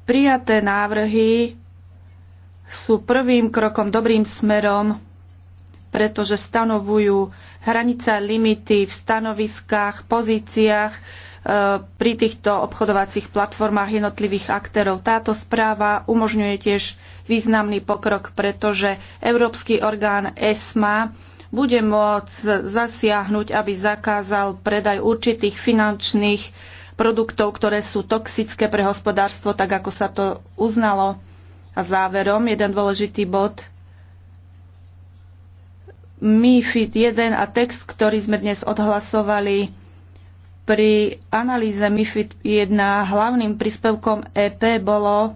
Prijaté návrhy sú prvým krokom dobrým smerom, pretože stanovujú hranice limity v stanoviskách, pozíciách e, pri týchto obchodovacích platformách jednotlivých aktérov. Táto správa umožňuje tiež významný pokrok, pretože Európsky orgán ESMA bude môcť zasiahnuť, aby zakázal predaj určitých finančných produktov, ktoré sú toxické pre hospodárstvo, tak ako sa to uznalo. A záverom jeden dôležitý bod. MIFID 1 a text, ktorý sme dnes odhlasovali pri analýze MIFID 1, hlavným príspevkom EP bolo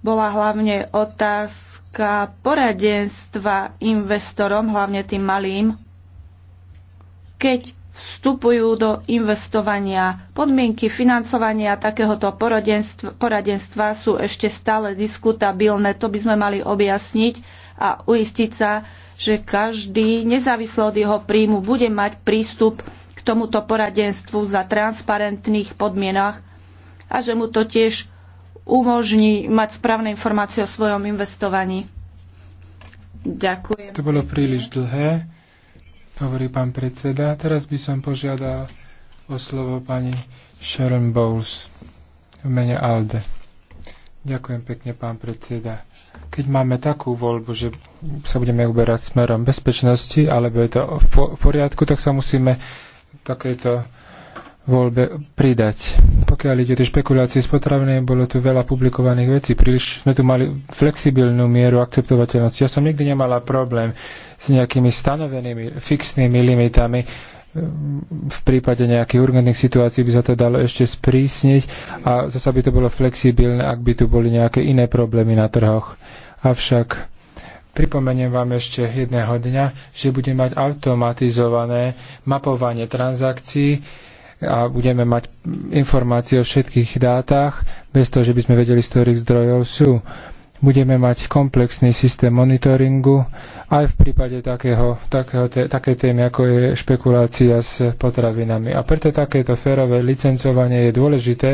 bola hlavne otázka poradenstva investorom, hlavne tým malým, keď vstupujú do investovania. Podmienky financovania takéhoto poradenstva, poradenstva sú ešte stále diskutabilné. To by sme mali objasniť a uistiť sa, že každý, nezávisle od jeho príjmu, bude mať prístup k tomuto poradenstvu za transparentných podmienách a že mu to tiež umožní mať správne informácie o svojom investovaní. Ďakujem. To bolo príliš dlhé, hovorí pán predseda. Teraz by som požiadal o slovo pani Sharon Bowles v mene ALDE. Ďakujem pekne, pán predseda keď máme takú voľbu, že sa budeme uberať smerom bezpečnosti, alebo je to v poriadku, tak sa musíme takéto voľbe pridať. Pokiaľ ide o tie špekulácie s potravinami, bolo tu veľa publikovaných vecí. Príliš sme tu mali flexibilnú mieru akceptovateľnosti. Ja som nikdy nemala problém s nejakými stanovenými fixnými limitami. V prípade nejakých urgentných situácií by sa to dalo ešte sprísniť a zase by to bolo flexibilné, ak by tu boli nejaké iné problémy na trhoch. Avšak Pripomeniem vám ešte jedného dňa, že budeme mať automatizované mapovanie transakcií, a budeme mať informácie o všetkých dátach, bez toho, že by sme vedeli, z ktorých zdrojov sú. Budeme mať komplexný systém monitoringu aj v prípade takého, takého te, také témy, ako je špekulácia s potravinami. A preto takéto férové licencovanie je dôležité,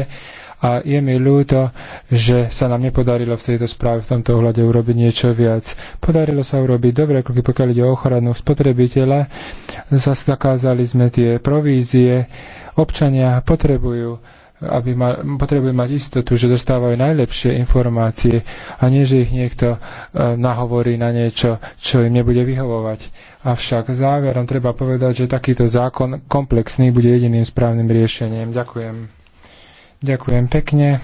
a je mi ľúto, že sa nám nepodarilo v tejto správe v tomto ohľade urobiť niečo viac. Podarilo sa urobiť dobre, kroky pokiaľ ide o ochranu spotrebiteľa, zakázali sme tie provízie, občania potrebujú aby ma, potrebujú mať istotu, že dostávajú najlepšie informácie a nie, že ich niekto e, nahovorí na niečo, čo im nebude vyhovovať. Avšak záverom treba povedať, že takýto zákon komplexný bude jediným správnym riešením. Ďakujem. Ďakujem pekne.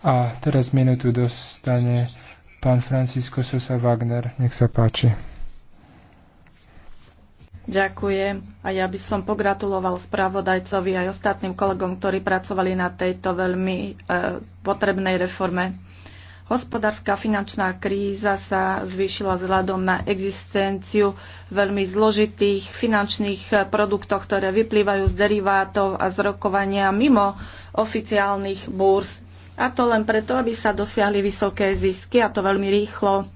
A teraz minútu dostane pán Francisco Sosa Wagner. Nech sa páči. Ďakujem. A ja by som pogratuloval spravodajcovi aj ostatným kolegom, ktorí pracovali na tejto veľmi e, potrebnej reforme. Hospodárska finančná kríza sa zvýšila vzhľadom na existenciu veľmi zložitých finančných produktov, ktoré vyplývajú z derivátov a z rokovania mimo oficiálnych búrz. A to len preto, aby sa dosiahli vysoké zisky, a to veľmi rýchlo.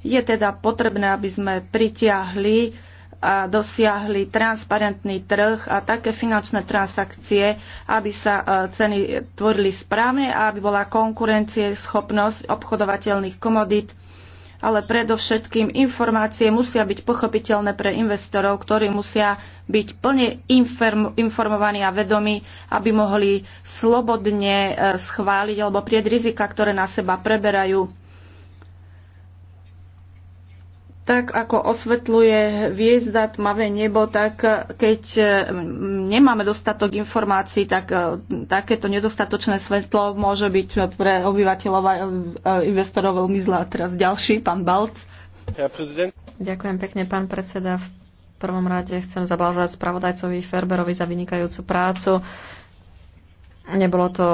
Je teda potrebné, aby sme pritiahli a dosiahli transparentný trh a také finančné transakcie, aby sa e, ceny tvorili správne a aby bola konkurencie, schopnosť obchodovateľných komodít, ale predovšetkým informácie musia byť pochopiteľné pre investorov, ktorí musia byť plne informovaní a vedomí, aby mohli slobodne e, schváliť alebo prieť rizika, ktoré na seba preberajú tak ako osvetľuje hviezda tmavé nebo, tak keď e, nemáme dostatok informácií, tak e, takéto nedostatočné svetlo môže byť pre obyvateľov a e, investorov veľmi zlá. teraz ďalší, pán Balc. Ja, Ďakujem pekne, pán predseda. V prvom rade chcem zabalzať spravodajcovi Ferberovi za vynikajúcu prácu. Nebolo to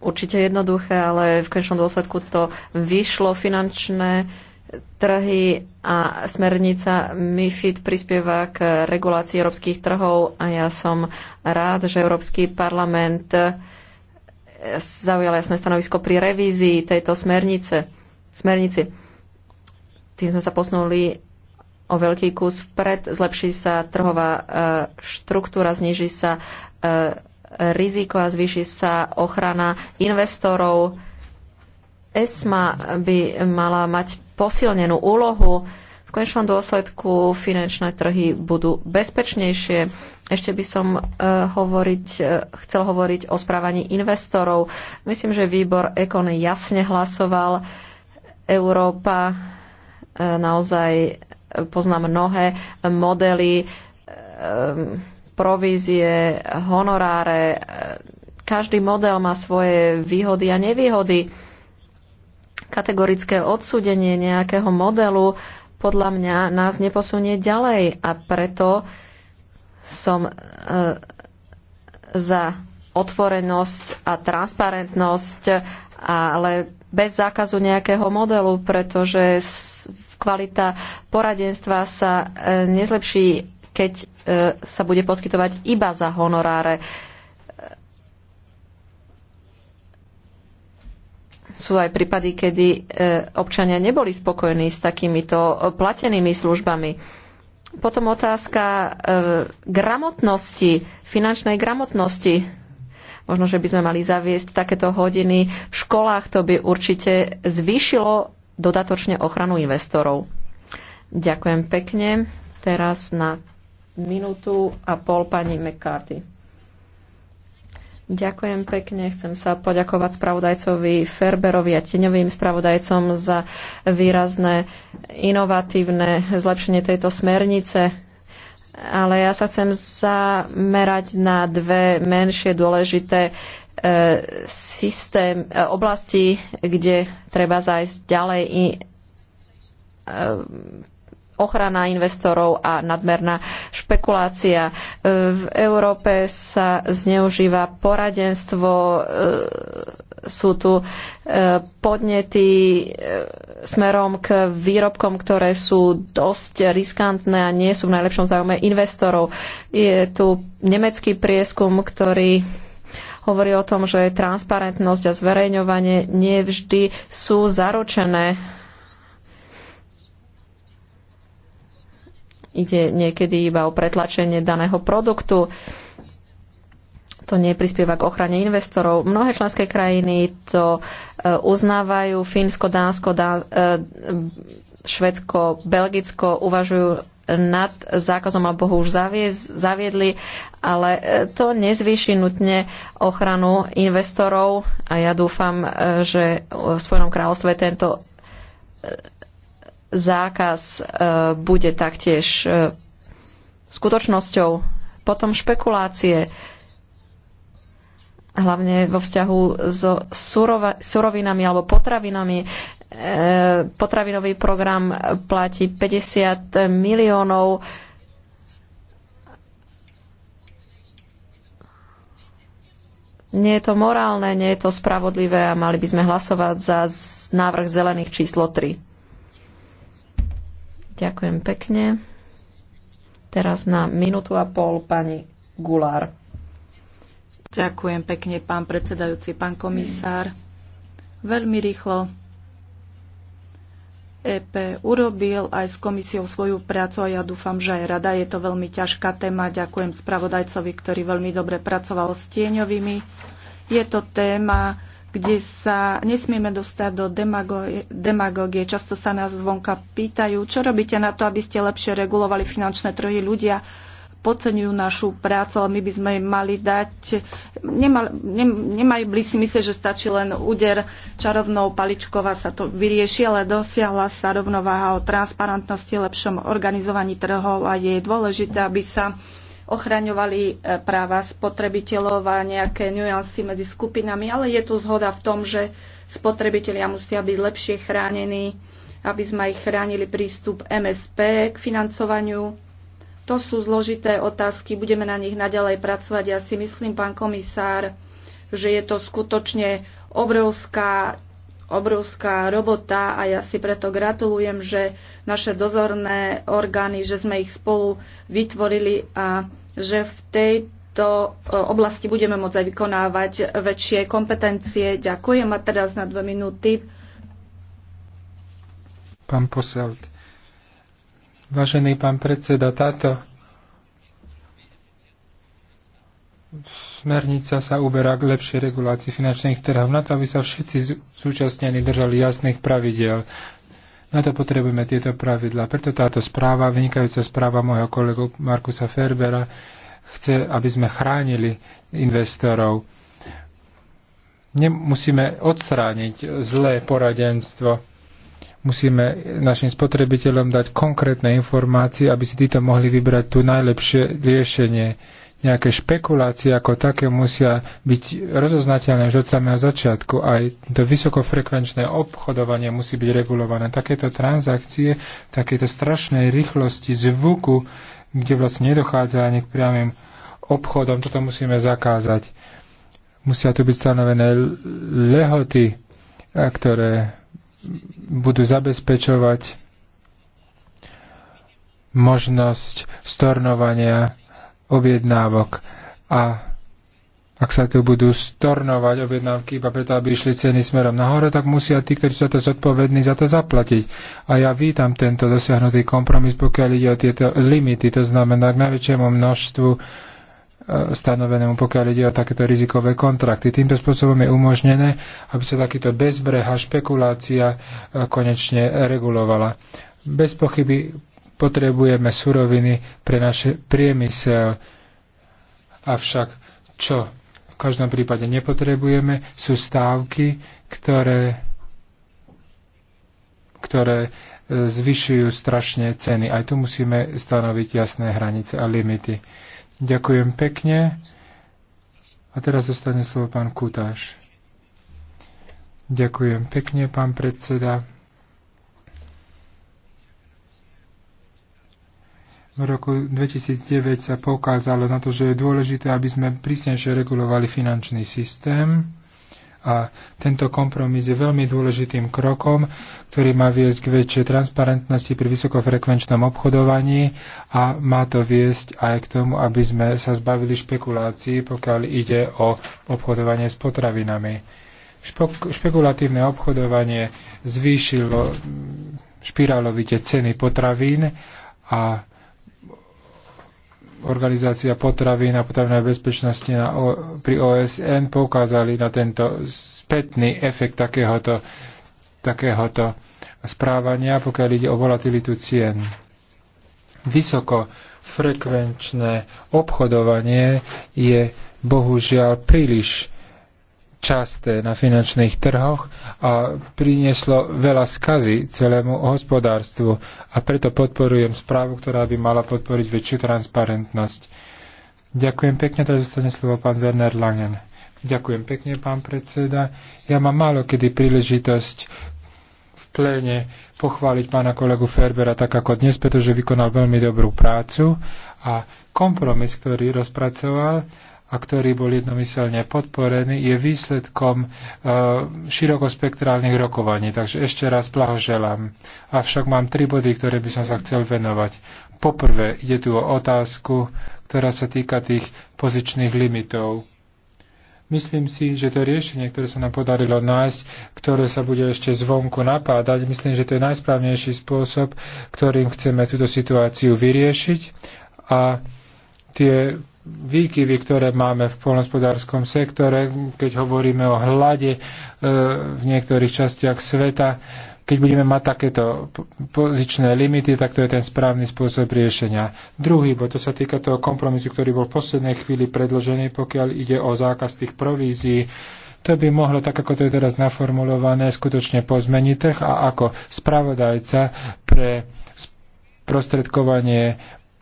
určite jednoduché, ale v končnom dôsledku to vyšlo finančné trhy a smernica MIFID prispieva k regulácii európskych trhov a ja som rád, že Európsky parlament eh, zaujal jasné stanovisko pri revízii tejto smernice. Smernici. Tým sme sa posunuli o veľký kus vpred, zlepší sa trhová eh, štruktúra, zniží sa eh, riziko a zvýši sa ochrana investorov. ESMA by mala mať posilnenú úlohu. V konečnom dôsledku finančné trhy budú bezpečnejšie. Ešte by som e, hovoriť, e, chcel hovoriť o správaní investorov. Myslím, že výbor Econ jasne hlasoval. Európa e, naozaj pozná mnohé modely provízie, honoráre. Každý model má svoje výhody a nevýhody kategorické odsúdenie nejakého modelu podľa mňa nás neposunie ďalej a preto som e, za otvorenosť a transparentnosť, ale bez zákazu nejakého modelu, pretože kvalita poradenstva sa e, nezlepší, keď e, sa bude poskytovať iba za honoráre. sú aj prípady, kedy e, občania neboli spokojní s takýmito platenými službami. Potom otázka e, gramotnosti, finančnej gramotnosti. Možno, že by sme mali zaviesť takéto hodiny v školách, to by určite zvýšilo dodatočne ochranu investorov. Ďakujem pekne. Teraz na minútu a pol pani McCarthy. Ďakujem pekne. Chcem sa poďakovať spravodajcovi Ferberovi a tieňovým spravodajcom za výrazné inovatívne zlepšenie tejto smernice. Ale ja sa chcem zamerať na dve menšie dôležité e, systém, e, oblasti, kde treba zájsť ďalej i e, ochrana investorov a nadmerná špekulácia. E, v Európe sa zneužíva poradenstvo, e, sú tu e, podnety smerom k výrobkom, ktoré sú dosť riskantné a nie sú v najlepšom záujme investorov. Je tu nemecký prieskum, ktorý hovorí o tom, že transparentnosť a zverejňovanie nevždy sú zaručené Ide niekedy iba o pretlačenie daného produktu. To neprispieva k ochrane investorov. Mnohé členské krajiny to e, uznávajú. Fínsko, Dánsko, Dá... E, Švedsko, Belgicko uvažujú nad zákazom a bohu už zaviedli, ale e, to nezvýši nutne ochranu investorov a ja dúfam, že v Spojenom kráľovstve tento zákaz e, bude taktiež e, skutočnosťou. Potom špekulácie, hlavne vo vzťahu so surova, surovinami alebo potravinami. E, potravinový program platí 50 miliónov nie je to morálne, nie je to spravodlivé a mali by sme hlasovať za návrh zelených číslo 3. Ďakujem pekne. Teraz na minútu a pol pani Gulár. Ďakujem pekne, pán predsedajúci, pán komisár. Veľmi rýchlo. EP urobil aj s komisiou svoju prácu a ja dúfam, že aj rada je to veľmi ťažká téma. Ďakujem spravodajcovi, ktorý veľmi dobre pracoval s tieňovými. Je to téma, kde sa nesmieme dostať do demagógie. Často sa nás zvonka pýtajú, čo robíte na to, aby ste lepšie regulovali finančné trhy ľudia podceňujú našu prácu, ale my by sme im mali dať, nemal, ne, nemajú blízci mysle, že stačí len úder čarovnou paličkova sa to vyrieši, ale dosiahla sa rovnováha o transparentnosti, lepšom organizovaní trhov a je dôležité, aby sa ochraňovali e, práva spotrebiteľov a nejaké nuancy medzi skupinami, ale je tu zhoda v tom, že spotrebitelia musia byť lepšie chránení, aby sme ich chránili prístup MSP k financovaniu. To sú zložité otázky, budeme na nich naďalej pracovať. Ja si myslím, pán komisár, že je to skutočne obrovská obrovská robota a ja si preto gratulujem, že naše dozorné orgány, že sme ich spolu vytvorili a že v tejto e, oblasti budeme môcť aj vykonávať väčšie kompetencie. Ďakujem a teraz na dve minúty. Pán posel, vážený pán predseda, táto smernica sa uberá k lepšej regulácii finančných trhov, na to, aby sa všetci zúčastnení držali jasných pravidel. Na to potrebujeme tieto pravidla. Preto táto správa, vynikajúca správa môjho kolegu Markusa Ferbera, chce, aby sme chránili investorov. Musíme odstrániť zlé poradenstvo. Musíme našim spotrebiteľom dať konkrétne informácie, aby si títo mohli vybrať tú najlepšie riešenie nejaké špekulácie ako také musia byť rozoznateľné už od samého začiatku. Aj to vysokofrekvenčné obchodovanie musí byť regulované. Takéto transakcie, takéto strašnej rýchlosti zvuku, kde vlastne nedochádza ani k priamým obchodom, toto musíme zakázať. Musia tu byť stanovené lehoty, ktoré budú zabezpečovať možnosť stornovania objednávok. A ak sa tu budú stornovať objednávky iba preto, aby išli ceny smerom nahore, tak musia tí, ktorí sú to zodpovední, za to zaplatiť. A ja vítam tento dosiahnutý kompromis, pokiaľ ide o tieto limity, to znamená k najväčšiemu množstvu e, stanovenému, pokiaľ ide o takéto rizikové kontrakty. Týmto spôsobom je umožnené, aby sa takýto bezbreha špekulácia e, konečne regulovala. Bez pochyby Potrebujeme suroviny pre naše priemysel, avšak čo v každom prípade nepotrebujeme, sú stávky, ktoré, ktoré e, zvyšujú strašne ceny. Aj tu musíme stanoviť jasné hranice a limity. Ďakujem pekne. A teraz zostane slovo pán Kutáš. Ďakujem pekne, pán predseda. v roku 2009 sa poukázalo na to, že je dôležité, aby sme prísnejšie regulovali finančný systém. A tento kompromis je veľmi dôležitým krokom, ktorý má viesť k väčšej transparentnosti pri vysokofrekvenčnom obchodovaní a má to viesť aj k tomu, aby sme sa zbavili špekulácií, pokiaľ ide o obchodovanie s potravinami. Špok- špekulatívne obchodovanie zvýšilo špirálovite ceny potravín a organizácia potravy a potravinovej bezpečnosti na, o, pri OSN poukázali na tento spätný efekt takéhoto, takéhoto správania, pokiaľ ide o volatilitu cien. Vysoko frekvenčné obchodovanie je bohužiaľ príliš časté na finančných trhoch a prinieslo veľa skazy celému hospodárstvu a preto podporujem správu, ktorá by mala podporiť väčšiu transparentnosť. Ďakujem pekne, teraz zostane slovo pán Werner Langen. Ďakujem pekne, pán predseda. Ja mám málo kedy príležitosť v pléne pochváliť pána kolegu Ferbera tak ako dnes, pretože vykonal veľmi dobrú prácu a kompromis, ktorý rozpracoval, a ktorý bol jednomyselne podporený, je výsledkom e, širokospektrálnych rokovaní. Takže ešte raz blahoželám. Avšak mám tri body, ktoré by som sa chcel venovať. Poprvé, ide tu o otázku, ktorá sa týka tých pozičných limitov. Myslím si, že to riešenie, ktoré sa nám podarilo nájsť, ktoré sa bude ešte zvonku napádať, myslím, že to je najsprávnejší spôsob, ktorým chceme túto situáciu vyriešiť a tie výkyvy, ktoré máme v polnospodárskom sektore, keď hovoríme o hlade e, v niektorých častiach sveta, keď budeme mať takéto pozičné limity, tak to je ten správny spôsob riešenia. Druhý bo to sa týka toho kompromisu, ktorý bol v poslednej chvíli predložený, pokiaľ ide o zákaz tých provízií, to by mohlo, tak ako to je teraz naformulované, skutočne pozmeniť trh a ako spravodajca pre prostredkovanie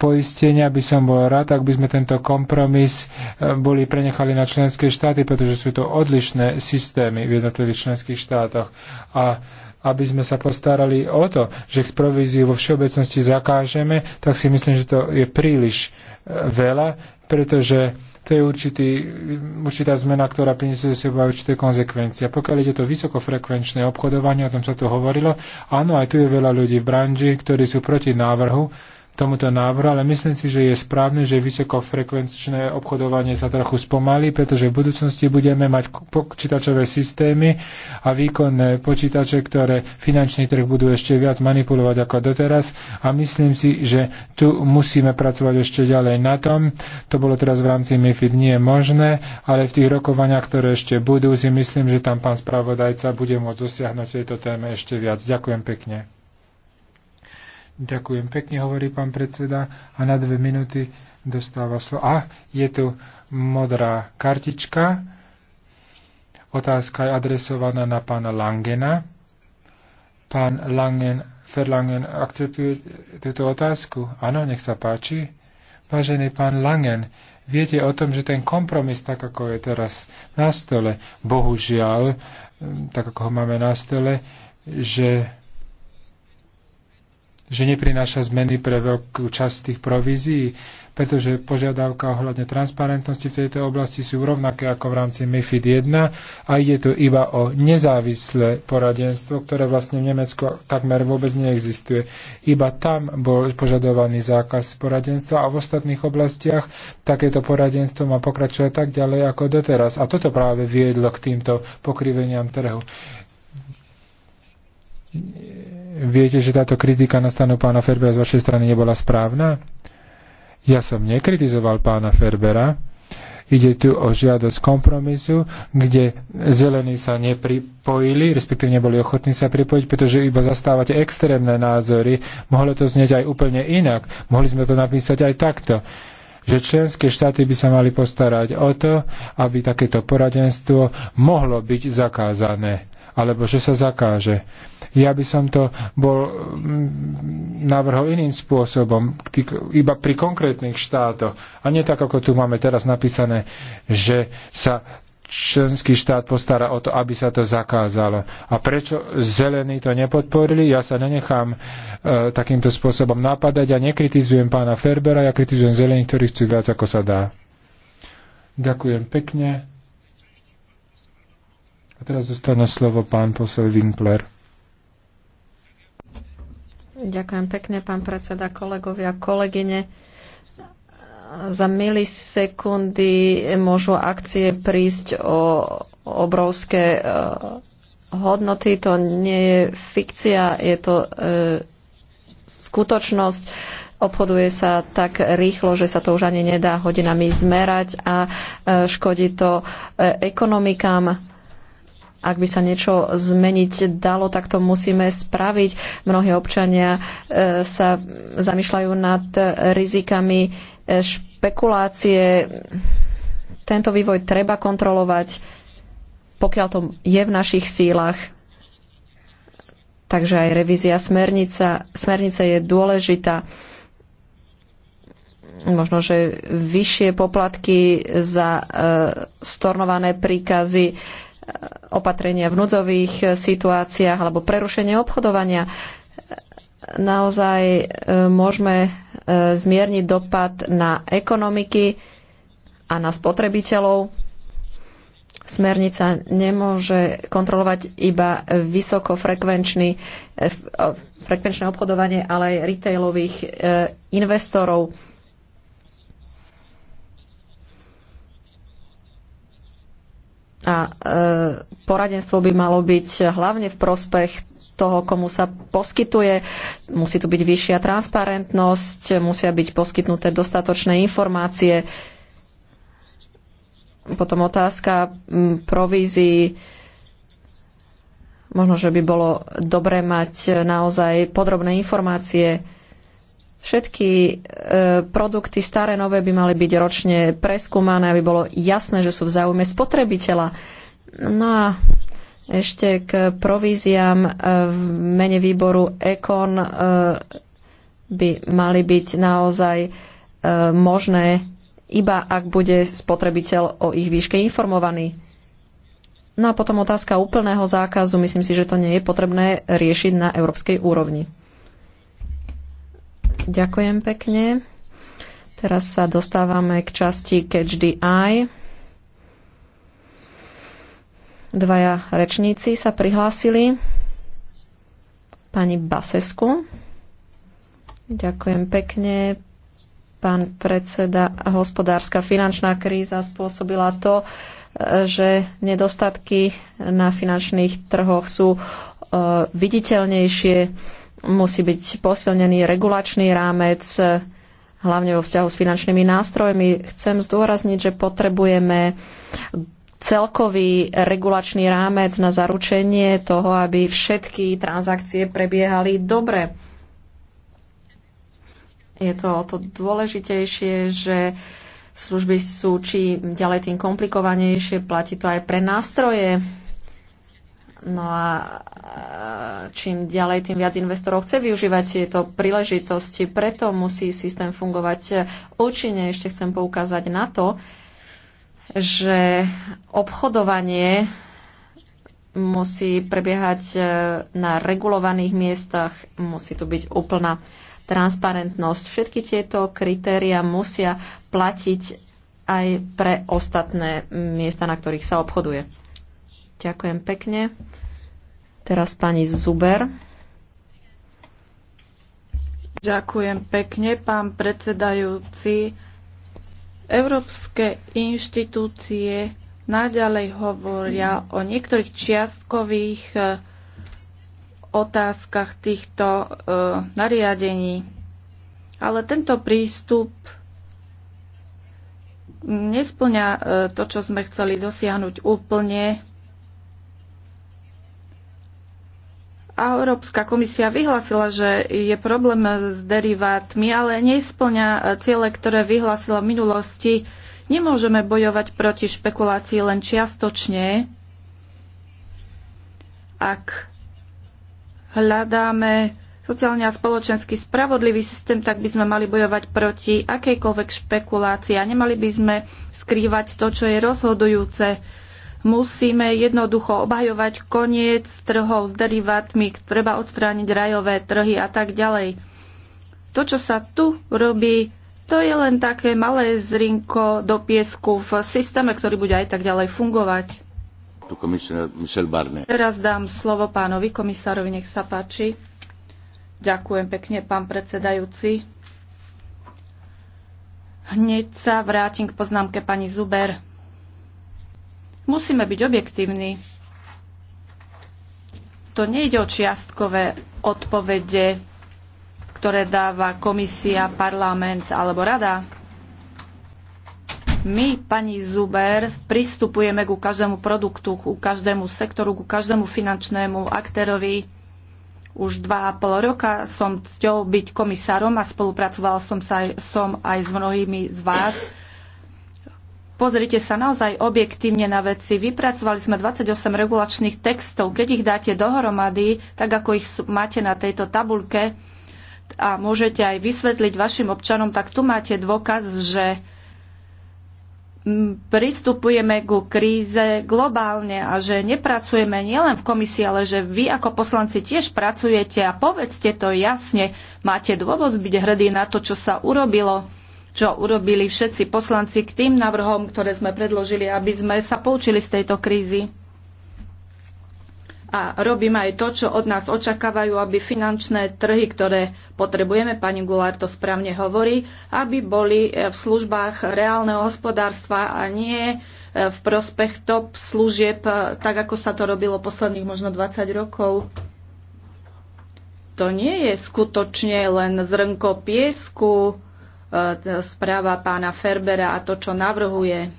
poistenia by som bol rád, ak by sme tento kompromis e, boli prenechali na členské štáty, pretože sú to odlišné systémy v jednotlivých členských štátoch. A aby sme sa postarali o to, že províziu vo všeobecnosti zakážeme, tak si myslím, že to je príliš e, veľa, pretože to je určitý, určitá zmena, ktorá priniesie do seba určité konzekvencie. Pokiaľ ide to vysokofrekvenčné obchodovanie, o tom sa tu hovorilo, áno, aj tu je veľa ľudí v branži, ktorí sú proti návrhu, tomuto návrhu, ale myslím si, že je správne, že vysokofrekvenčné obchodovanie sa trochu spomalí, pretože v budúcnosti budeme mať počítačové systémy a výkonné počítače, ktoré finančný trh budú ešte viac manipulovať ako doteraz a myslím si, že tu musíme pracovať ešte ďalej na tom. To bolo teraz v rámci MIFID nie je možné, ale v tých rokovaniach, ktoré ešte budú, si myslím, že tam pán spravodajca bude môcť dosiahnuť tejto téme ešte viac. Ďakujem pekne. Ďakujem pekne, hovorí pán predseda. A na dve minúty dostáva slovo. A je tu modrá kartička. Otázka je adresovaná na pána Langena. Pán Langen, Ferlangen, akceptuje túto otázku? Áno, nech sa páči. Vážený pán Langen, viete o tom, že ten kompromis, tak ako je teraz na stole, bohužiaľ, mm, tak ako ho máme na stole, že že neprináša zmeny pre veľkú časť tých provízií, pretože požiadavka ohľadne transparentnosti v tejto oblasti sú rovnaké ako v rámci MIFID 1 a ide tu iba o nezávislé poradenstvo, ktoré vlastne v Nemecku takmer vôbec neexistuje. Iba tam bol požadovaný zákaz poradenstva a v ostatných oblastiach takéto poradenstvo má pokračovať tak ďalej ako doteraz. A toto práve viedlo k týmto pokriveniam trhu viete, že táto kritika na stanu pána Ferbera z vašej strany nebola správna? Ja som nekritizoval pána Ferbera. Ide tu o žiadosť kompromisu, kde zelení sa nepripojili, respektíve neboli ochotní sa pripojiť, pretože iba zastávate extrémne názory. Mohlo to znieť aj úplne inak. Mohli sme to napísať aj takto že členské štáty by sa mali postarať o to, aby takéto poradenstvo mohlo byť zakázané alebo že sa zakáže. Ja by som to bol mm, navrhol iným spôsobom, iba pri konkrétnych štátoch. A nie tak, ako tu máme teraz napísané, že sa členský štát postará o to, aby sa to zakázalo. A prečo zelení to nepodporili? Ja sa nenechám e, takýmto spôsobom napadať. Ja nekritizujem pána Ferbera, ja kritizujem zelení, ktorí chcú viac, ako sa dá. Ďakujem pekne teraz zostane slovo pán posel Winkler. Ďakujem pekne, pán predseda, kolegovia, kolegyne za milisekundy môžu akcie prísť o obrovské eh, hodnoty. To nie je fikcia, je to eh, skutočnosť. Obchoduje sa tak rýchlo, že sa to už ani nedá hodinami zmerať a eh, škodí to ekonomikám ak by sa niečo zmeniť dalo, tak to musíme spraviť. Mnohí občania e, sa zamýšľajú nad rizikami e, špekulácie. Tento vývoj treba kontrolovať, pokiaľ to je v našich sílach. Takže aj revízia smernica, smernice je dôležitá možno, že vyššie poplatky za e, stornované príkazy opatrenia v núdzových situáciách alebo prerušenie obchodovania. Naozaj e, môžeme e, zmierniť dopad na ekonomiky a na spotrebiteľov. Smernica nemôže kontrolovať iba vysokofrekvenčné e, obchodovanie, ale aj retailových investorov A e, poradenstvo by malo byť hlavne v prospech toho, komu sa poskytuje. Musí tu byť vyššia transparentnosť, musia byť poskytnuté dostatočné informácie. Potom otázka provízií. Možno, že by bolo dobré mať naozaj podrobné informácie Všetky e, produkty staré, nové by mali byť ročne preskúmané, aby bolo jasné, že sú v záujme spotrebiteľa. No a ešte k províziám e, v mene výboru Ekon e, by mali byť naozaj e, možné iba ak bude spotrebiteľ o ich výške informovaný. No a potom otázka úplného zákazu. Myslím si, že to nie je potrebné riešiť na európskej úrovni. Ďakujem pekne. Teraz sa dostávame k časti Catch the Eye. Dvaja rečníci sa prihlásili. Pani Basesku. Ďakujem pekne. Pán predseda, hospodárska finančná kríza spôsobila to, že nedostatky na finančných trhoch sú e, viditeľnejšie Musí byť posilnený regulačný rámec, hlavne vo vzťahu s finančnými nástrojmi. Chcem zdôrazniť, že potrebujeme celkový regulačný rámec na zaručenie toho, aby všetky transakcie prebiehali dobre. Je to o to dôležitejšie, že služby sú či ďalej tým komplikovanejšie, platí to aj pre nástroje, No a e, čím ďalej, tým viac investorov chce využívať tieto príležitosti, preto musí systém fungovať e, účinne. Ešte chcem poukázať na to, že obchodovanie musí prebiehať e, na regulovaných miestach, musí tu byť úplná transparentnosť. Všetky tieto kritéria musia platiť aj pre ostatné miesta, na ktorých sa obchoduje. Ďakujem pekne. Teraz pani Zuber. Ďakujem pekne, pán predsedajúci. Európske inštitúcie naďalej hovoria o niektorých čiastkových e, otázkach týchto e, nariadení. Ale tento prístup nesplňa e, to, čo sme chceli dosiahnuť úplne A Európska komisia vyhlasila, že je problém s derivátmi, ale nesplňa ciele, ktoré vyhlasila v minulosti. Nemôžeme bojovať proti špekulácii len čiastočne, ak hľadáme sociálne a spoločensky spravodlivý systém, tak by sme mali bojovať proti akejkoľvek špekulácii a nemali by sme skrývať to, čo je rozhodujúce Musíme jednoducho obhajovať koniec trhov s derivátmi, treba odstrániť rajové trhy a tak ďalej. To, čo sa tu robí, to je len také malé zrinko do piesku v systéme, ktorý bude aj tak ďalej fungovať. Teraz dám slovo pánovi komisárovi, nech sa páči. Ďakujem pekne, pán predsedajúci. Hneď sa vrátim k poznámke pani Zuber. Musíme byť objektívni. To nejde o čiastkové odpovede, ktoré dáva komisia, parlament alebo rada. My, pani Zuber, pristupujeme ku každému produktu, ku každému sektoru, ku každému finančnému aktérovi. Už dva a pol roka som cťou byť komisárom a spolupracovala som, sa aj, som aj s mnohými z vás Pozrite sa naozaj objektívne na veci. Vypracovali sme 28 regulačných textov. Keď ich dáte dohromady, tak ako ich máte na tejto tabulke a môžete aj vysvetliť vašim občanom, tak tu máte dôkaz, že pristupujeme ku kríze globálne a že nepracujeme nielen v komisii, ale že vy ako poslanci tiež pracujete a povedzte to jasne. Máte dôvod byť hrdí na to, čo sa urobilo čo urobili všetci poslanci k tým návrhom, ktoré sme predložili, aby sme sa poučili z tejto krízy. A robím aj to, čo od nás očakávajú, aby finančné trhy, ktoré potrebujeme, pani Gulár to správne hovorí, aby boli e, v službách reálneho hospodárstva a nie e, v prospech top služieb, e, tak ako sa to robilo posledných možno 20 rokov to nie je skutočne len zrnko piesku, správa pána Ferbera a to, čo navrhuje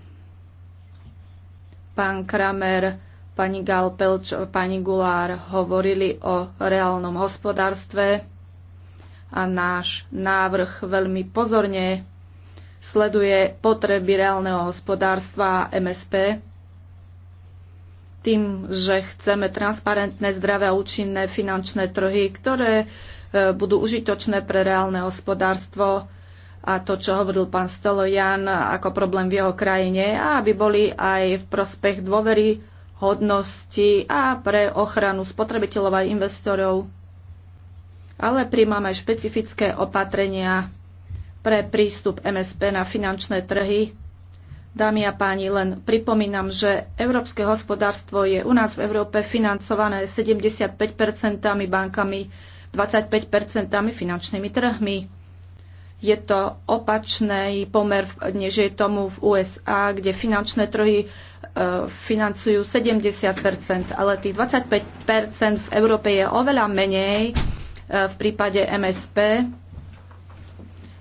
pán Kramer, pani Galpelč, pani Gulár hovorili o reálnom hospodárstve a náš návrh veľmi pozorne sleduje potreby reálneho hospodárstva MSP tým, že chceme transparentné, zdravé a účinné finančné trhy, ktoré e, budú užitočné pre reálne hospodárstvo a to, čo hovoril pán Stolojan ako problém v jeho krajine a aby boli aj v prospech dôvery, hodnosti a pre ochranu spotrebiteľov a investorov. Ale príjmame aj špecifické opatrenia pre prístup MSP na finančné trhy. Dámy a páni, len pripomínam, že európske hospodárstvo je u nás v Európe financované 75% bankami, 25% finančnými trhmi je to opačný pomer, než je tomu v USA, kde finančné trhy e, financujú 70 ale tých 25 v Európe je oveľa menej e, v prípade MSP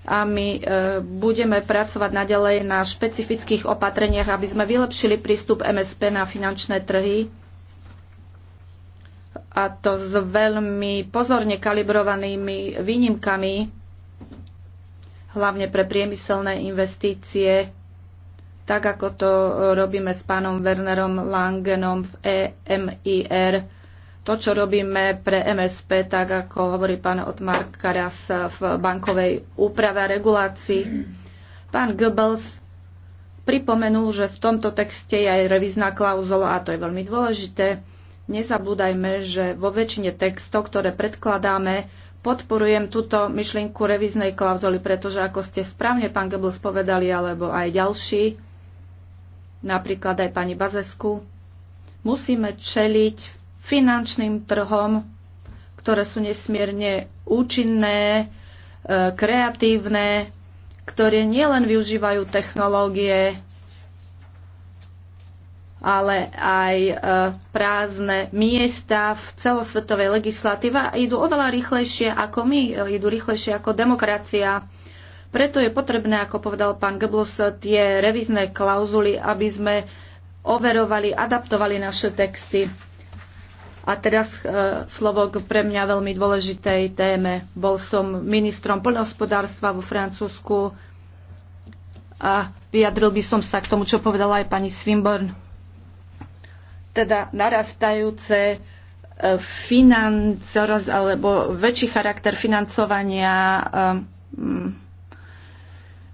a my e, budeme pracovať naďalej na špecifických opatreniach, aby sme vylepšili prístup MSP na finančné trhy a to s veľmi pozorne kalibrovanými výnimkami hlavne pre priemyselné investície, tak ako to robíme s pánom Wernerom Langenom v EMIR. To, čo robíme pre MSP, tak ako hovorí pán Otmar Karas v bankovej úprave a regulácii. Pán Goebbels pripomenul, že v tomto texte je aj revizná klauzula a to je veľmi dôležité. Nezabúdajme, že vo väčšine textov, ktoré predkladáme, podporujem túto myšlienku revíznej klauzuly, pretože ako ste správne, pán Goebbels, povedali, alebo aj ďalší, napríklad aj pani Bazesku, musíme čeliť finančným trhom, ktoré sú nesmierne účinné, e, kreatívne, ktoré nielen využívajú technológie, ale aj e, prázdne miesta v celosvetovej legislatíve idú oveľa rýchlejšie ako my, e, idú rýchlejšie ako demokracia. Preto je potrebné, ako povedal pán Goebbels, tie revízne klauzuly, aby sme overovali, adaptovali naše texty. A teraz e, slovo k pre mňa veľmi dôležitej téme. Bol som ministrom poľnohospodárstva vo Francúzsku a vyjadril by som sa k tomu, čo povedala aj pani Swinburne teda narastajúce e, financoraz, alebo väčší charakter financovania e,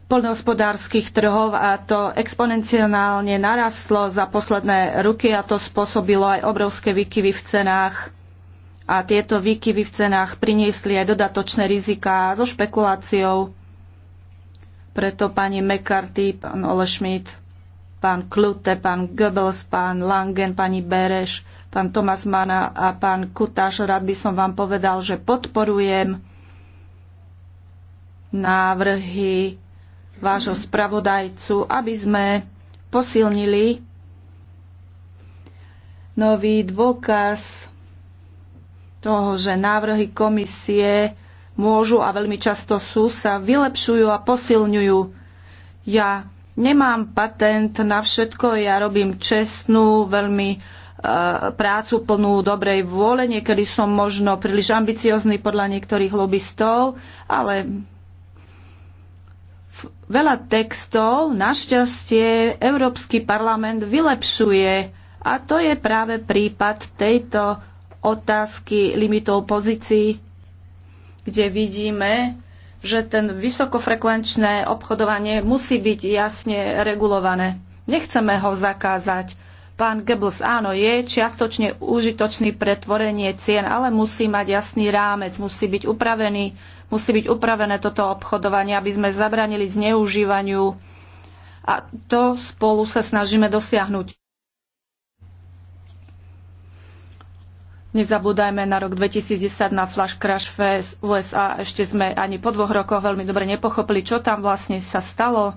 poľnohospodárskych trhov a to exponenciálne narastlo za posledné roky a to spôsobilo aj obrovské výkyvy v cenách. A tieto výkyvy v cenách priniesli aj dodatočné rizika so špekuláciou. Preto pani McCarthy, pán Ole Schmidt pán Klute, pán Goebbels, pán Langen, pani Bereš, pán Tomas Mana a pán Kutáš, rád by som vám povedal, že podporujem návrhy vášho spravodajcu, aby sme posilnili nový dôkaz toho, že návrhy komisie môžu a veľmi často sú sa vylepšujú a posilňujú. Ja Nemám patent na všetko, ja robím čestnú, veľmi e, prácu plnú dobrej vôle, niekedy som možno príliš ambiciozný podľa niektorých lobbystov, ale veľa textov našťastie Európsky parlament vylepšuje a to je práve prípad tejto otázky limitov pozícií, kde vidíme, že ten vysokofrekvenčné obchodovanie musí byť jasne regulované. Nechceme ho zakázať. Pán Goebbels, áno, je čiastočne užitočný pre tvorenie cien, ale musí mať jasný rámec, musí byť upravený, musí byť upravené toto obchodovanie, aby sme zabranili zneužívaniu. A to spolu sa snažíme dosiahnuť. Nezabúdajme na rok 2010 na Flash Crash Fest USA. Ešte sme ani po dvoch rokoch veľmi dobre nepochopili, čo tam vlastne sa stalo.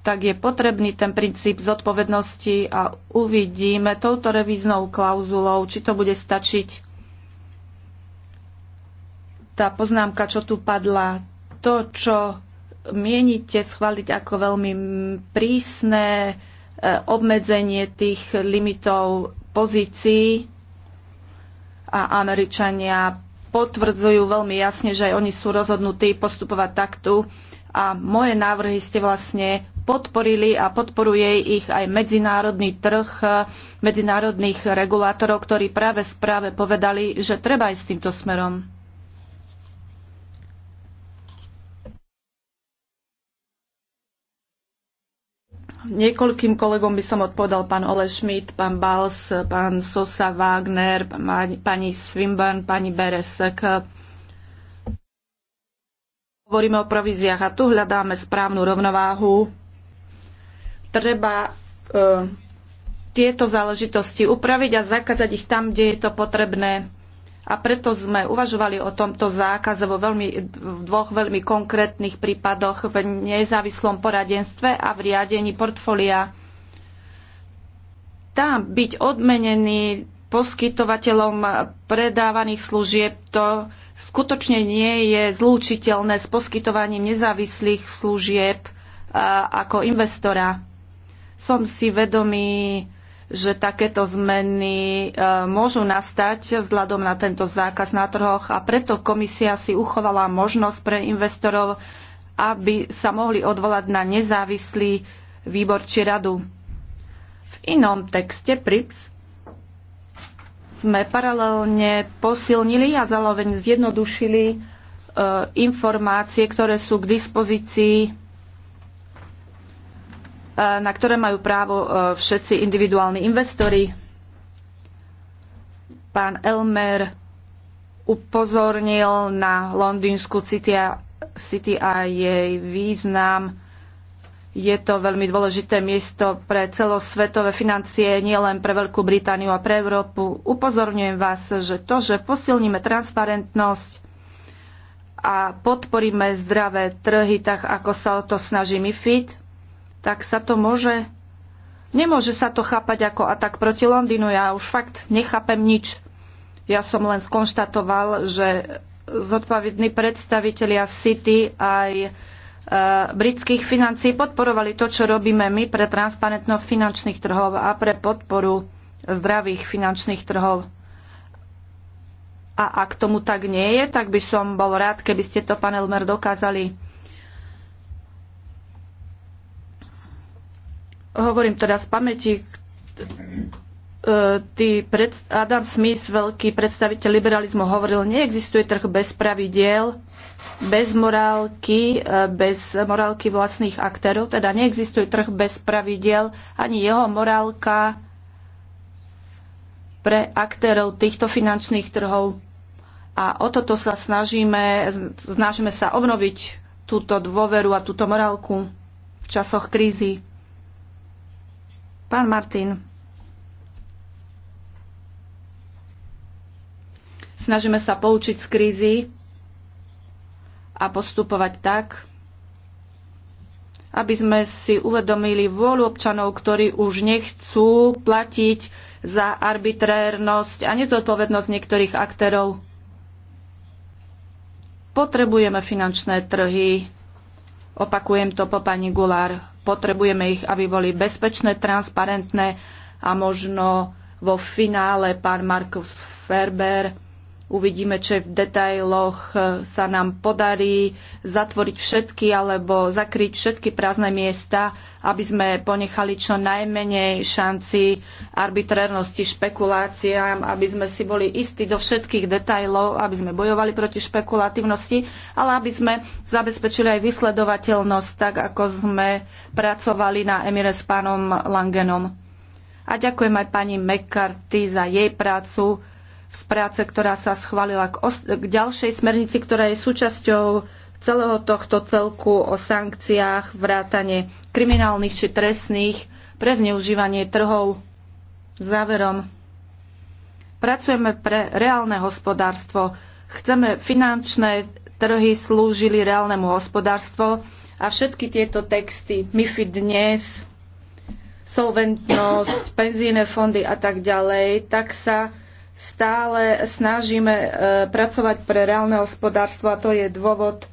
Tak je potrebný ten princíp zodpovednosti a uvidíme touto revíznou klauzulou, či to bude stačiť. Tá poznámka, čo tu padla, to, čo mienite schváliť ako veľmi prísne e, obmedzenie tých limitov pozícií, a Američania potvrdzujú veľmi jasne, že aj oni sú rozhodnutí postupovať takto a moje návrhy ste vlastne podporili a podporuje ich aj medzinárodný trh medzinárodných regulátorov, ktorí práve správe povedali, že treba ísť týmto smerom. Niekoľkým kolegom by som odpovedal pán Ole Schmidt, pán Bals, pán Sosa Wagner, pani Swinburne, pani Beresek. Hovoríme o províziách a tu hľadáme správnu rovnováhu. Treba e, tieto záležitosti upraviť a zakázať ich tam, kde je to potrebné a preto sme uvažovali o tomto zákaze vo veľmi, v dvoch veľmi konkrétnych prípadoch v nezávislom poradenstve a v riadení portfólia. Tam byť odmenený poskytovateľom predávaných služieb to skutočne nie je zlúčiteľné s poskytovaním nezávislých služieb ako investora. Som si vedomý že takéto zmeny e, môžu nastať vzhľadom na tento zákaz na trhoch a preto komisia si uchovala možnosť pre investorov, aby sa mohli odvolať na nezávislý výbor či radu. V inom texte PRIPS sme paralelne posilnili a zároveň zjednodušili e, informácie, ktoré sú k dispozícii Eh, na ktoré majú právo eh, všetci individuálni investori. Pán Elmer upozornil na londýnsku City a, City a jej význam. Je to veľmi dôležité miesto pre celosvetové financie, nielen pre Veľkú Britániu a pre Európu. Upozorňujem vás, že to, že posilníme transparentnosť a podporíme zdravé trhy, tak ako sa o to snaží MIFID, tak sa to môže... Nemôže sa to chápať ako atak proti Londýnu. Ja už fakt nechápem nič. Ja som len skonštatoval, že zodpovední predstavitelia City aj e, britských financií podporovali to, čo robíme my pre transparentnosť finančných trhov a pre podporu zdravých finančných trhov. A ak tomu tak nie je, tak by som bol rád, keby ste to, pán Elmer, dokázali hovorím teda z pamäti, e, tý pred, Adam Smith, veľký predstaviteľ liberalizmu, hovoril, neexistuje trh bez pravidiel, bez morálky, e, bez morálky vlastných aktérov, teda neexistuje trh bez pravidiel, ani jeho morálka pre aktérov týchto finančných trhov. A o toto sa snažíme, snažíme sa obnoviť túto dôveru a túto morálku v časoch krízy. Pán Martin. Snažíme sa poučiť z krízy a postupovať tak, aby sme si uvedomili vôľu občanov, ktorí už nechcú platiť za arbitrérnosť a nezodpovednosť niektorých aktérov. Potrebujeme finančné trhy. Opakujem to po pani Gulár potrebujeme ich, aby boli bezpečné, transparentné a možno vo finále pán Markus Ferber uvidíme, či v detailoch sa nám podarí zatvoriť všetky alebo zakryť všetky prázdne miesta aby sme ponechali čo najmenej šanci arbitrérnosti, špekuláciám, aby sme si boli istí do všetkých detajlov, aby sme bojovali proti špekulatívnosti, ale aby sme zabezpečili aj vysledovateľnosť, tak ako sme pracovali na Emire s pánom Langenom. A ďakujem aj pani McCarthy za jej prácu z práce, ktorá sa schválila k, k ďalšej smernici, ktorá je súčasťou celého tohto celku o sankciách, vrátane kriminálnych či trestných pre zneužívanie trhov. Záverom. Pracujeme pre reálne hospodárstvo. Chceme finančné trhy slúžili reálnemu hospodárstvu a všetky tieto texty MIFID dnes, solventnosť, penzíne fondy a tak ďalej, tak sa stále snažíme e, pracovať pre reálne hospodárstvo a to je dôvod,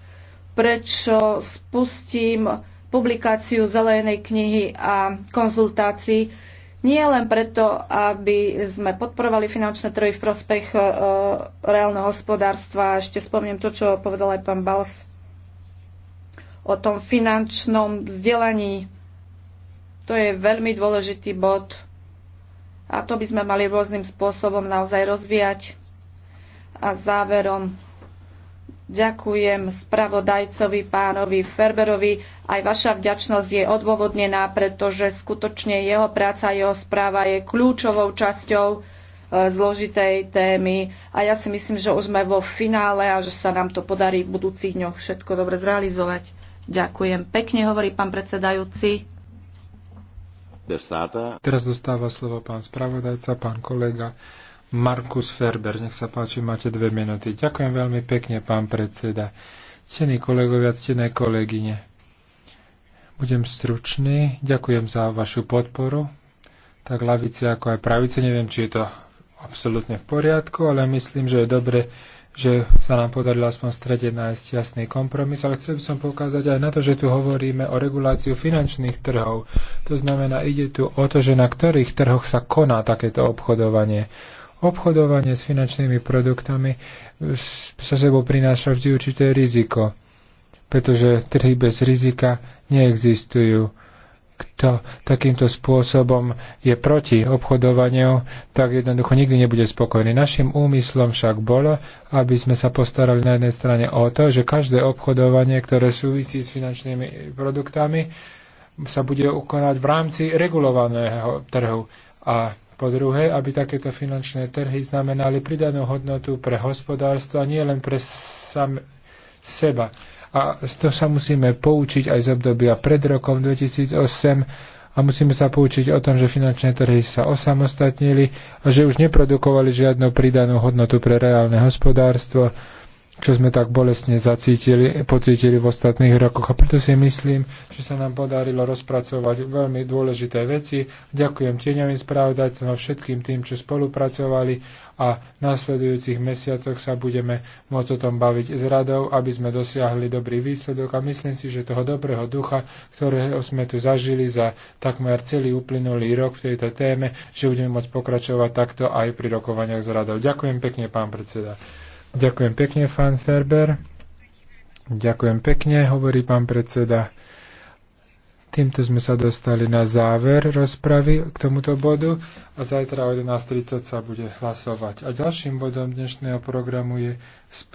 prečo spustím publikáciu zelenej knihy a konzultácií. Nie len preto, aby sme podporovali finančné trhy v prospech e, reálneho hospodárstva. Ešte spomnem to, čo povedal aj pán Bals o tom finančnom vzdelaní. To je veľmi dôležitý bod a to by sme mali rôznym spôsobom naozaj rozvíjať. A záverom Ďakujem spravodajcovi pánovi Ferberovi. Aj vaša vďačnosť je odôvodnená, pretože skutočne jeho práca, jeho správa je kľúčovou časťou e, zložitej témy a ja si myslím, že už sme vo finále a že sa nám to podarí v budúcich dňoch všetko dobre zrealizovať. Ďakujem pekne, hovorí pán predsedajúci. Teraz dostáva slovo pán spravodajca, pán kolega Markus Ferber. Nech sa páči, máte dve minúty. Ďakujem veľmi pekne, pán predseda. Cení kolegovia, cené kolegyne. Budem stručný. Ďakujem za vašu podporu. Tak lavice ako aj pravice, neviem, či je to absolútne v poriadku, ale myslím, že je dobre, že sa nám podarilo aspoň v strede nájsť jasný kompromis, ale chcel by som poukázať aj na to, že tu hovoríme o reguláciu finančných trhov. To znamená, ide tu o to, že na ktorých trhoch sa koná takéto obchodovanie. Obchodovanie s finančnými produktami sa sebou prináša vždy určité riziko, pretože trhy bez rizika neexistujú kto takýmto spôsobom je proti obchodovaniu, tak jednoducho nikdy nebude spokojný. Našim úmyslom však bolo, aby sme sa postarali na jednej strane o to, že každé obchodovanie, ktoré súvisí s finančnými produktami, sa bude ukonať v rámci regulovaného trhu. A po druhé, aby takéto finančné trhy znamenali pridanú hodnotu pre hospodárstvo a nie len pre sam seba. A z toho sa musíme poučiť aj z obdobia pred rokom 2008 a musíme sa poučiť o tom, že finančné trhy sa osamostatnili a že už neprodukovali žiadnu pridanú hodnotu pre reálne hospodárstvo čo sme tak bolestne zacítili, pocítili v ostatných rokoch. A preto si myslím, že sa nám podarilo rozpracovať veľmi dôležité veci. Ďakujem tieňovým spravodajcom a všetkým tým, čo spolupracovali a v následujúcich mesiacoch sa budeme môcť o tom baviť s radou, aby sme dosiahli dobrý výsledok a myslím si, že toho dobrého ducha, ktorého sme tu zažili za takmer celý uplynulý rok v tejto téme, že budeme môcť pokračovať takto aj pri rokovaniach s radou. Ďakujem pekne, pán predseda. Ďakujem pekne, pán Ferber. Ďakujem pekne, hovorí pán predseda. Týmto sme sa dostali na záver rozpravy k tomuto bodu a zajtra o 11.30 sa bude hlasovať. A ďalším bodom dnešného programu je správa.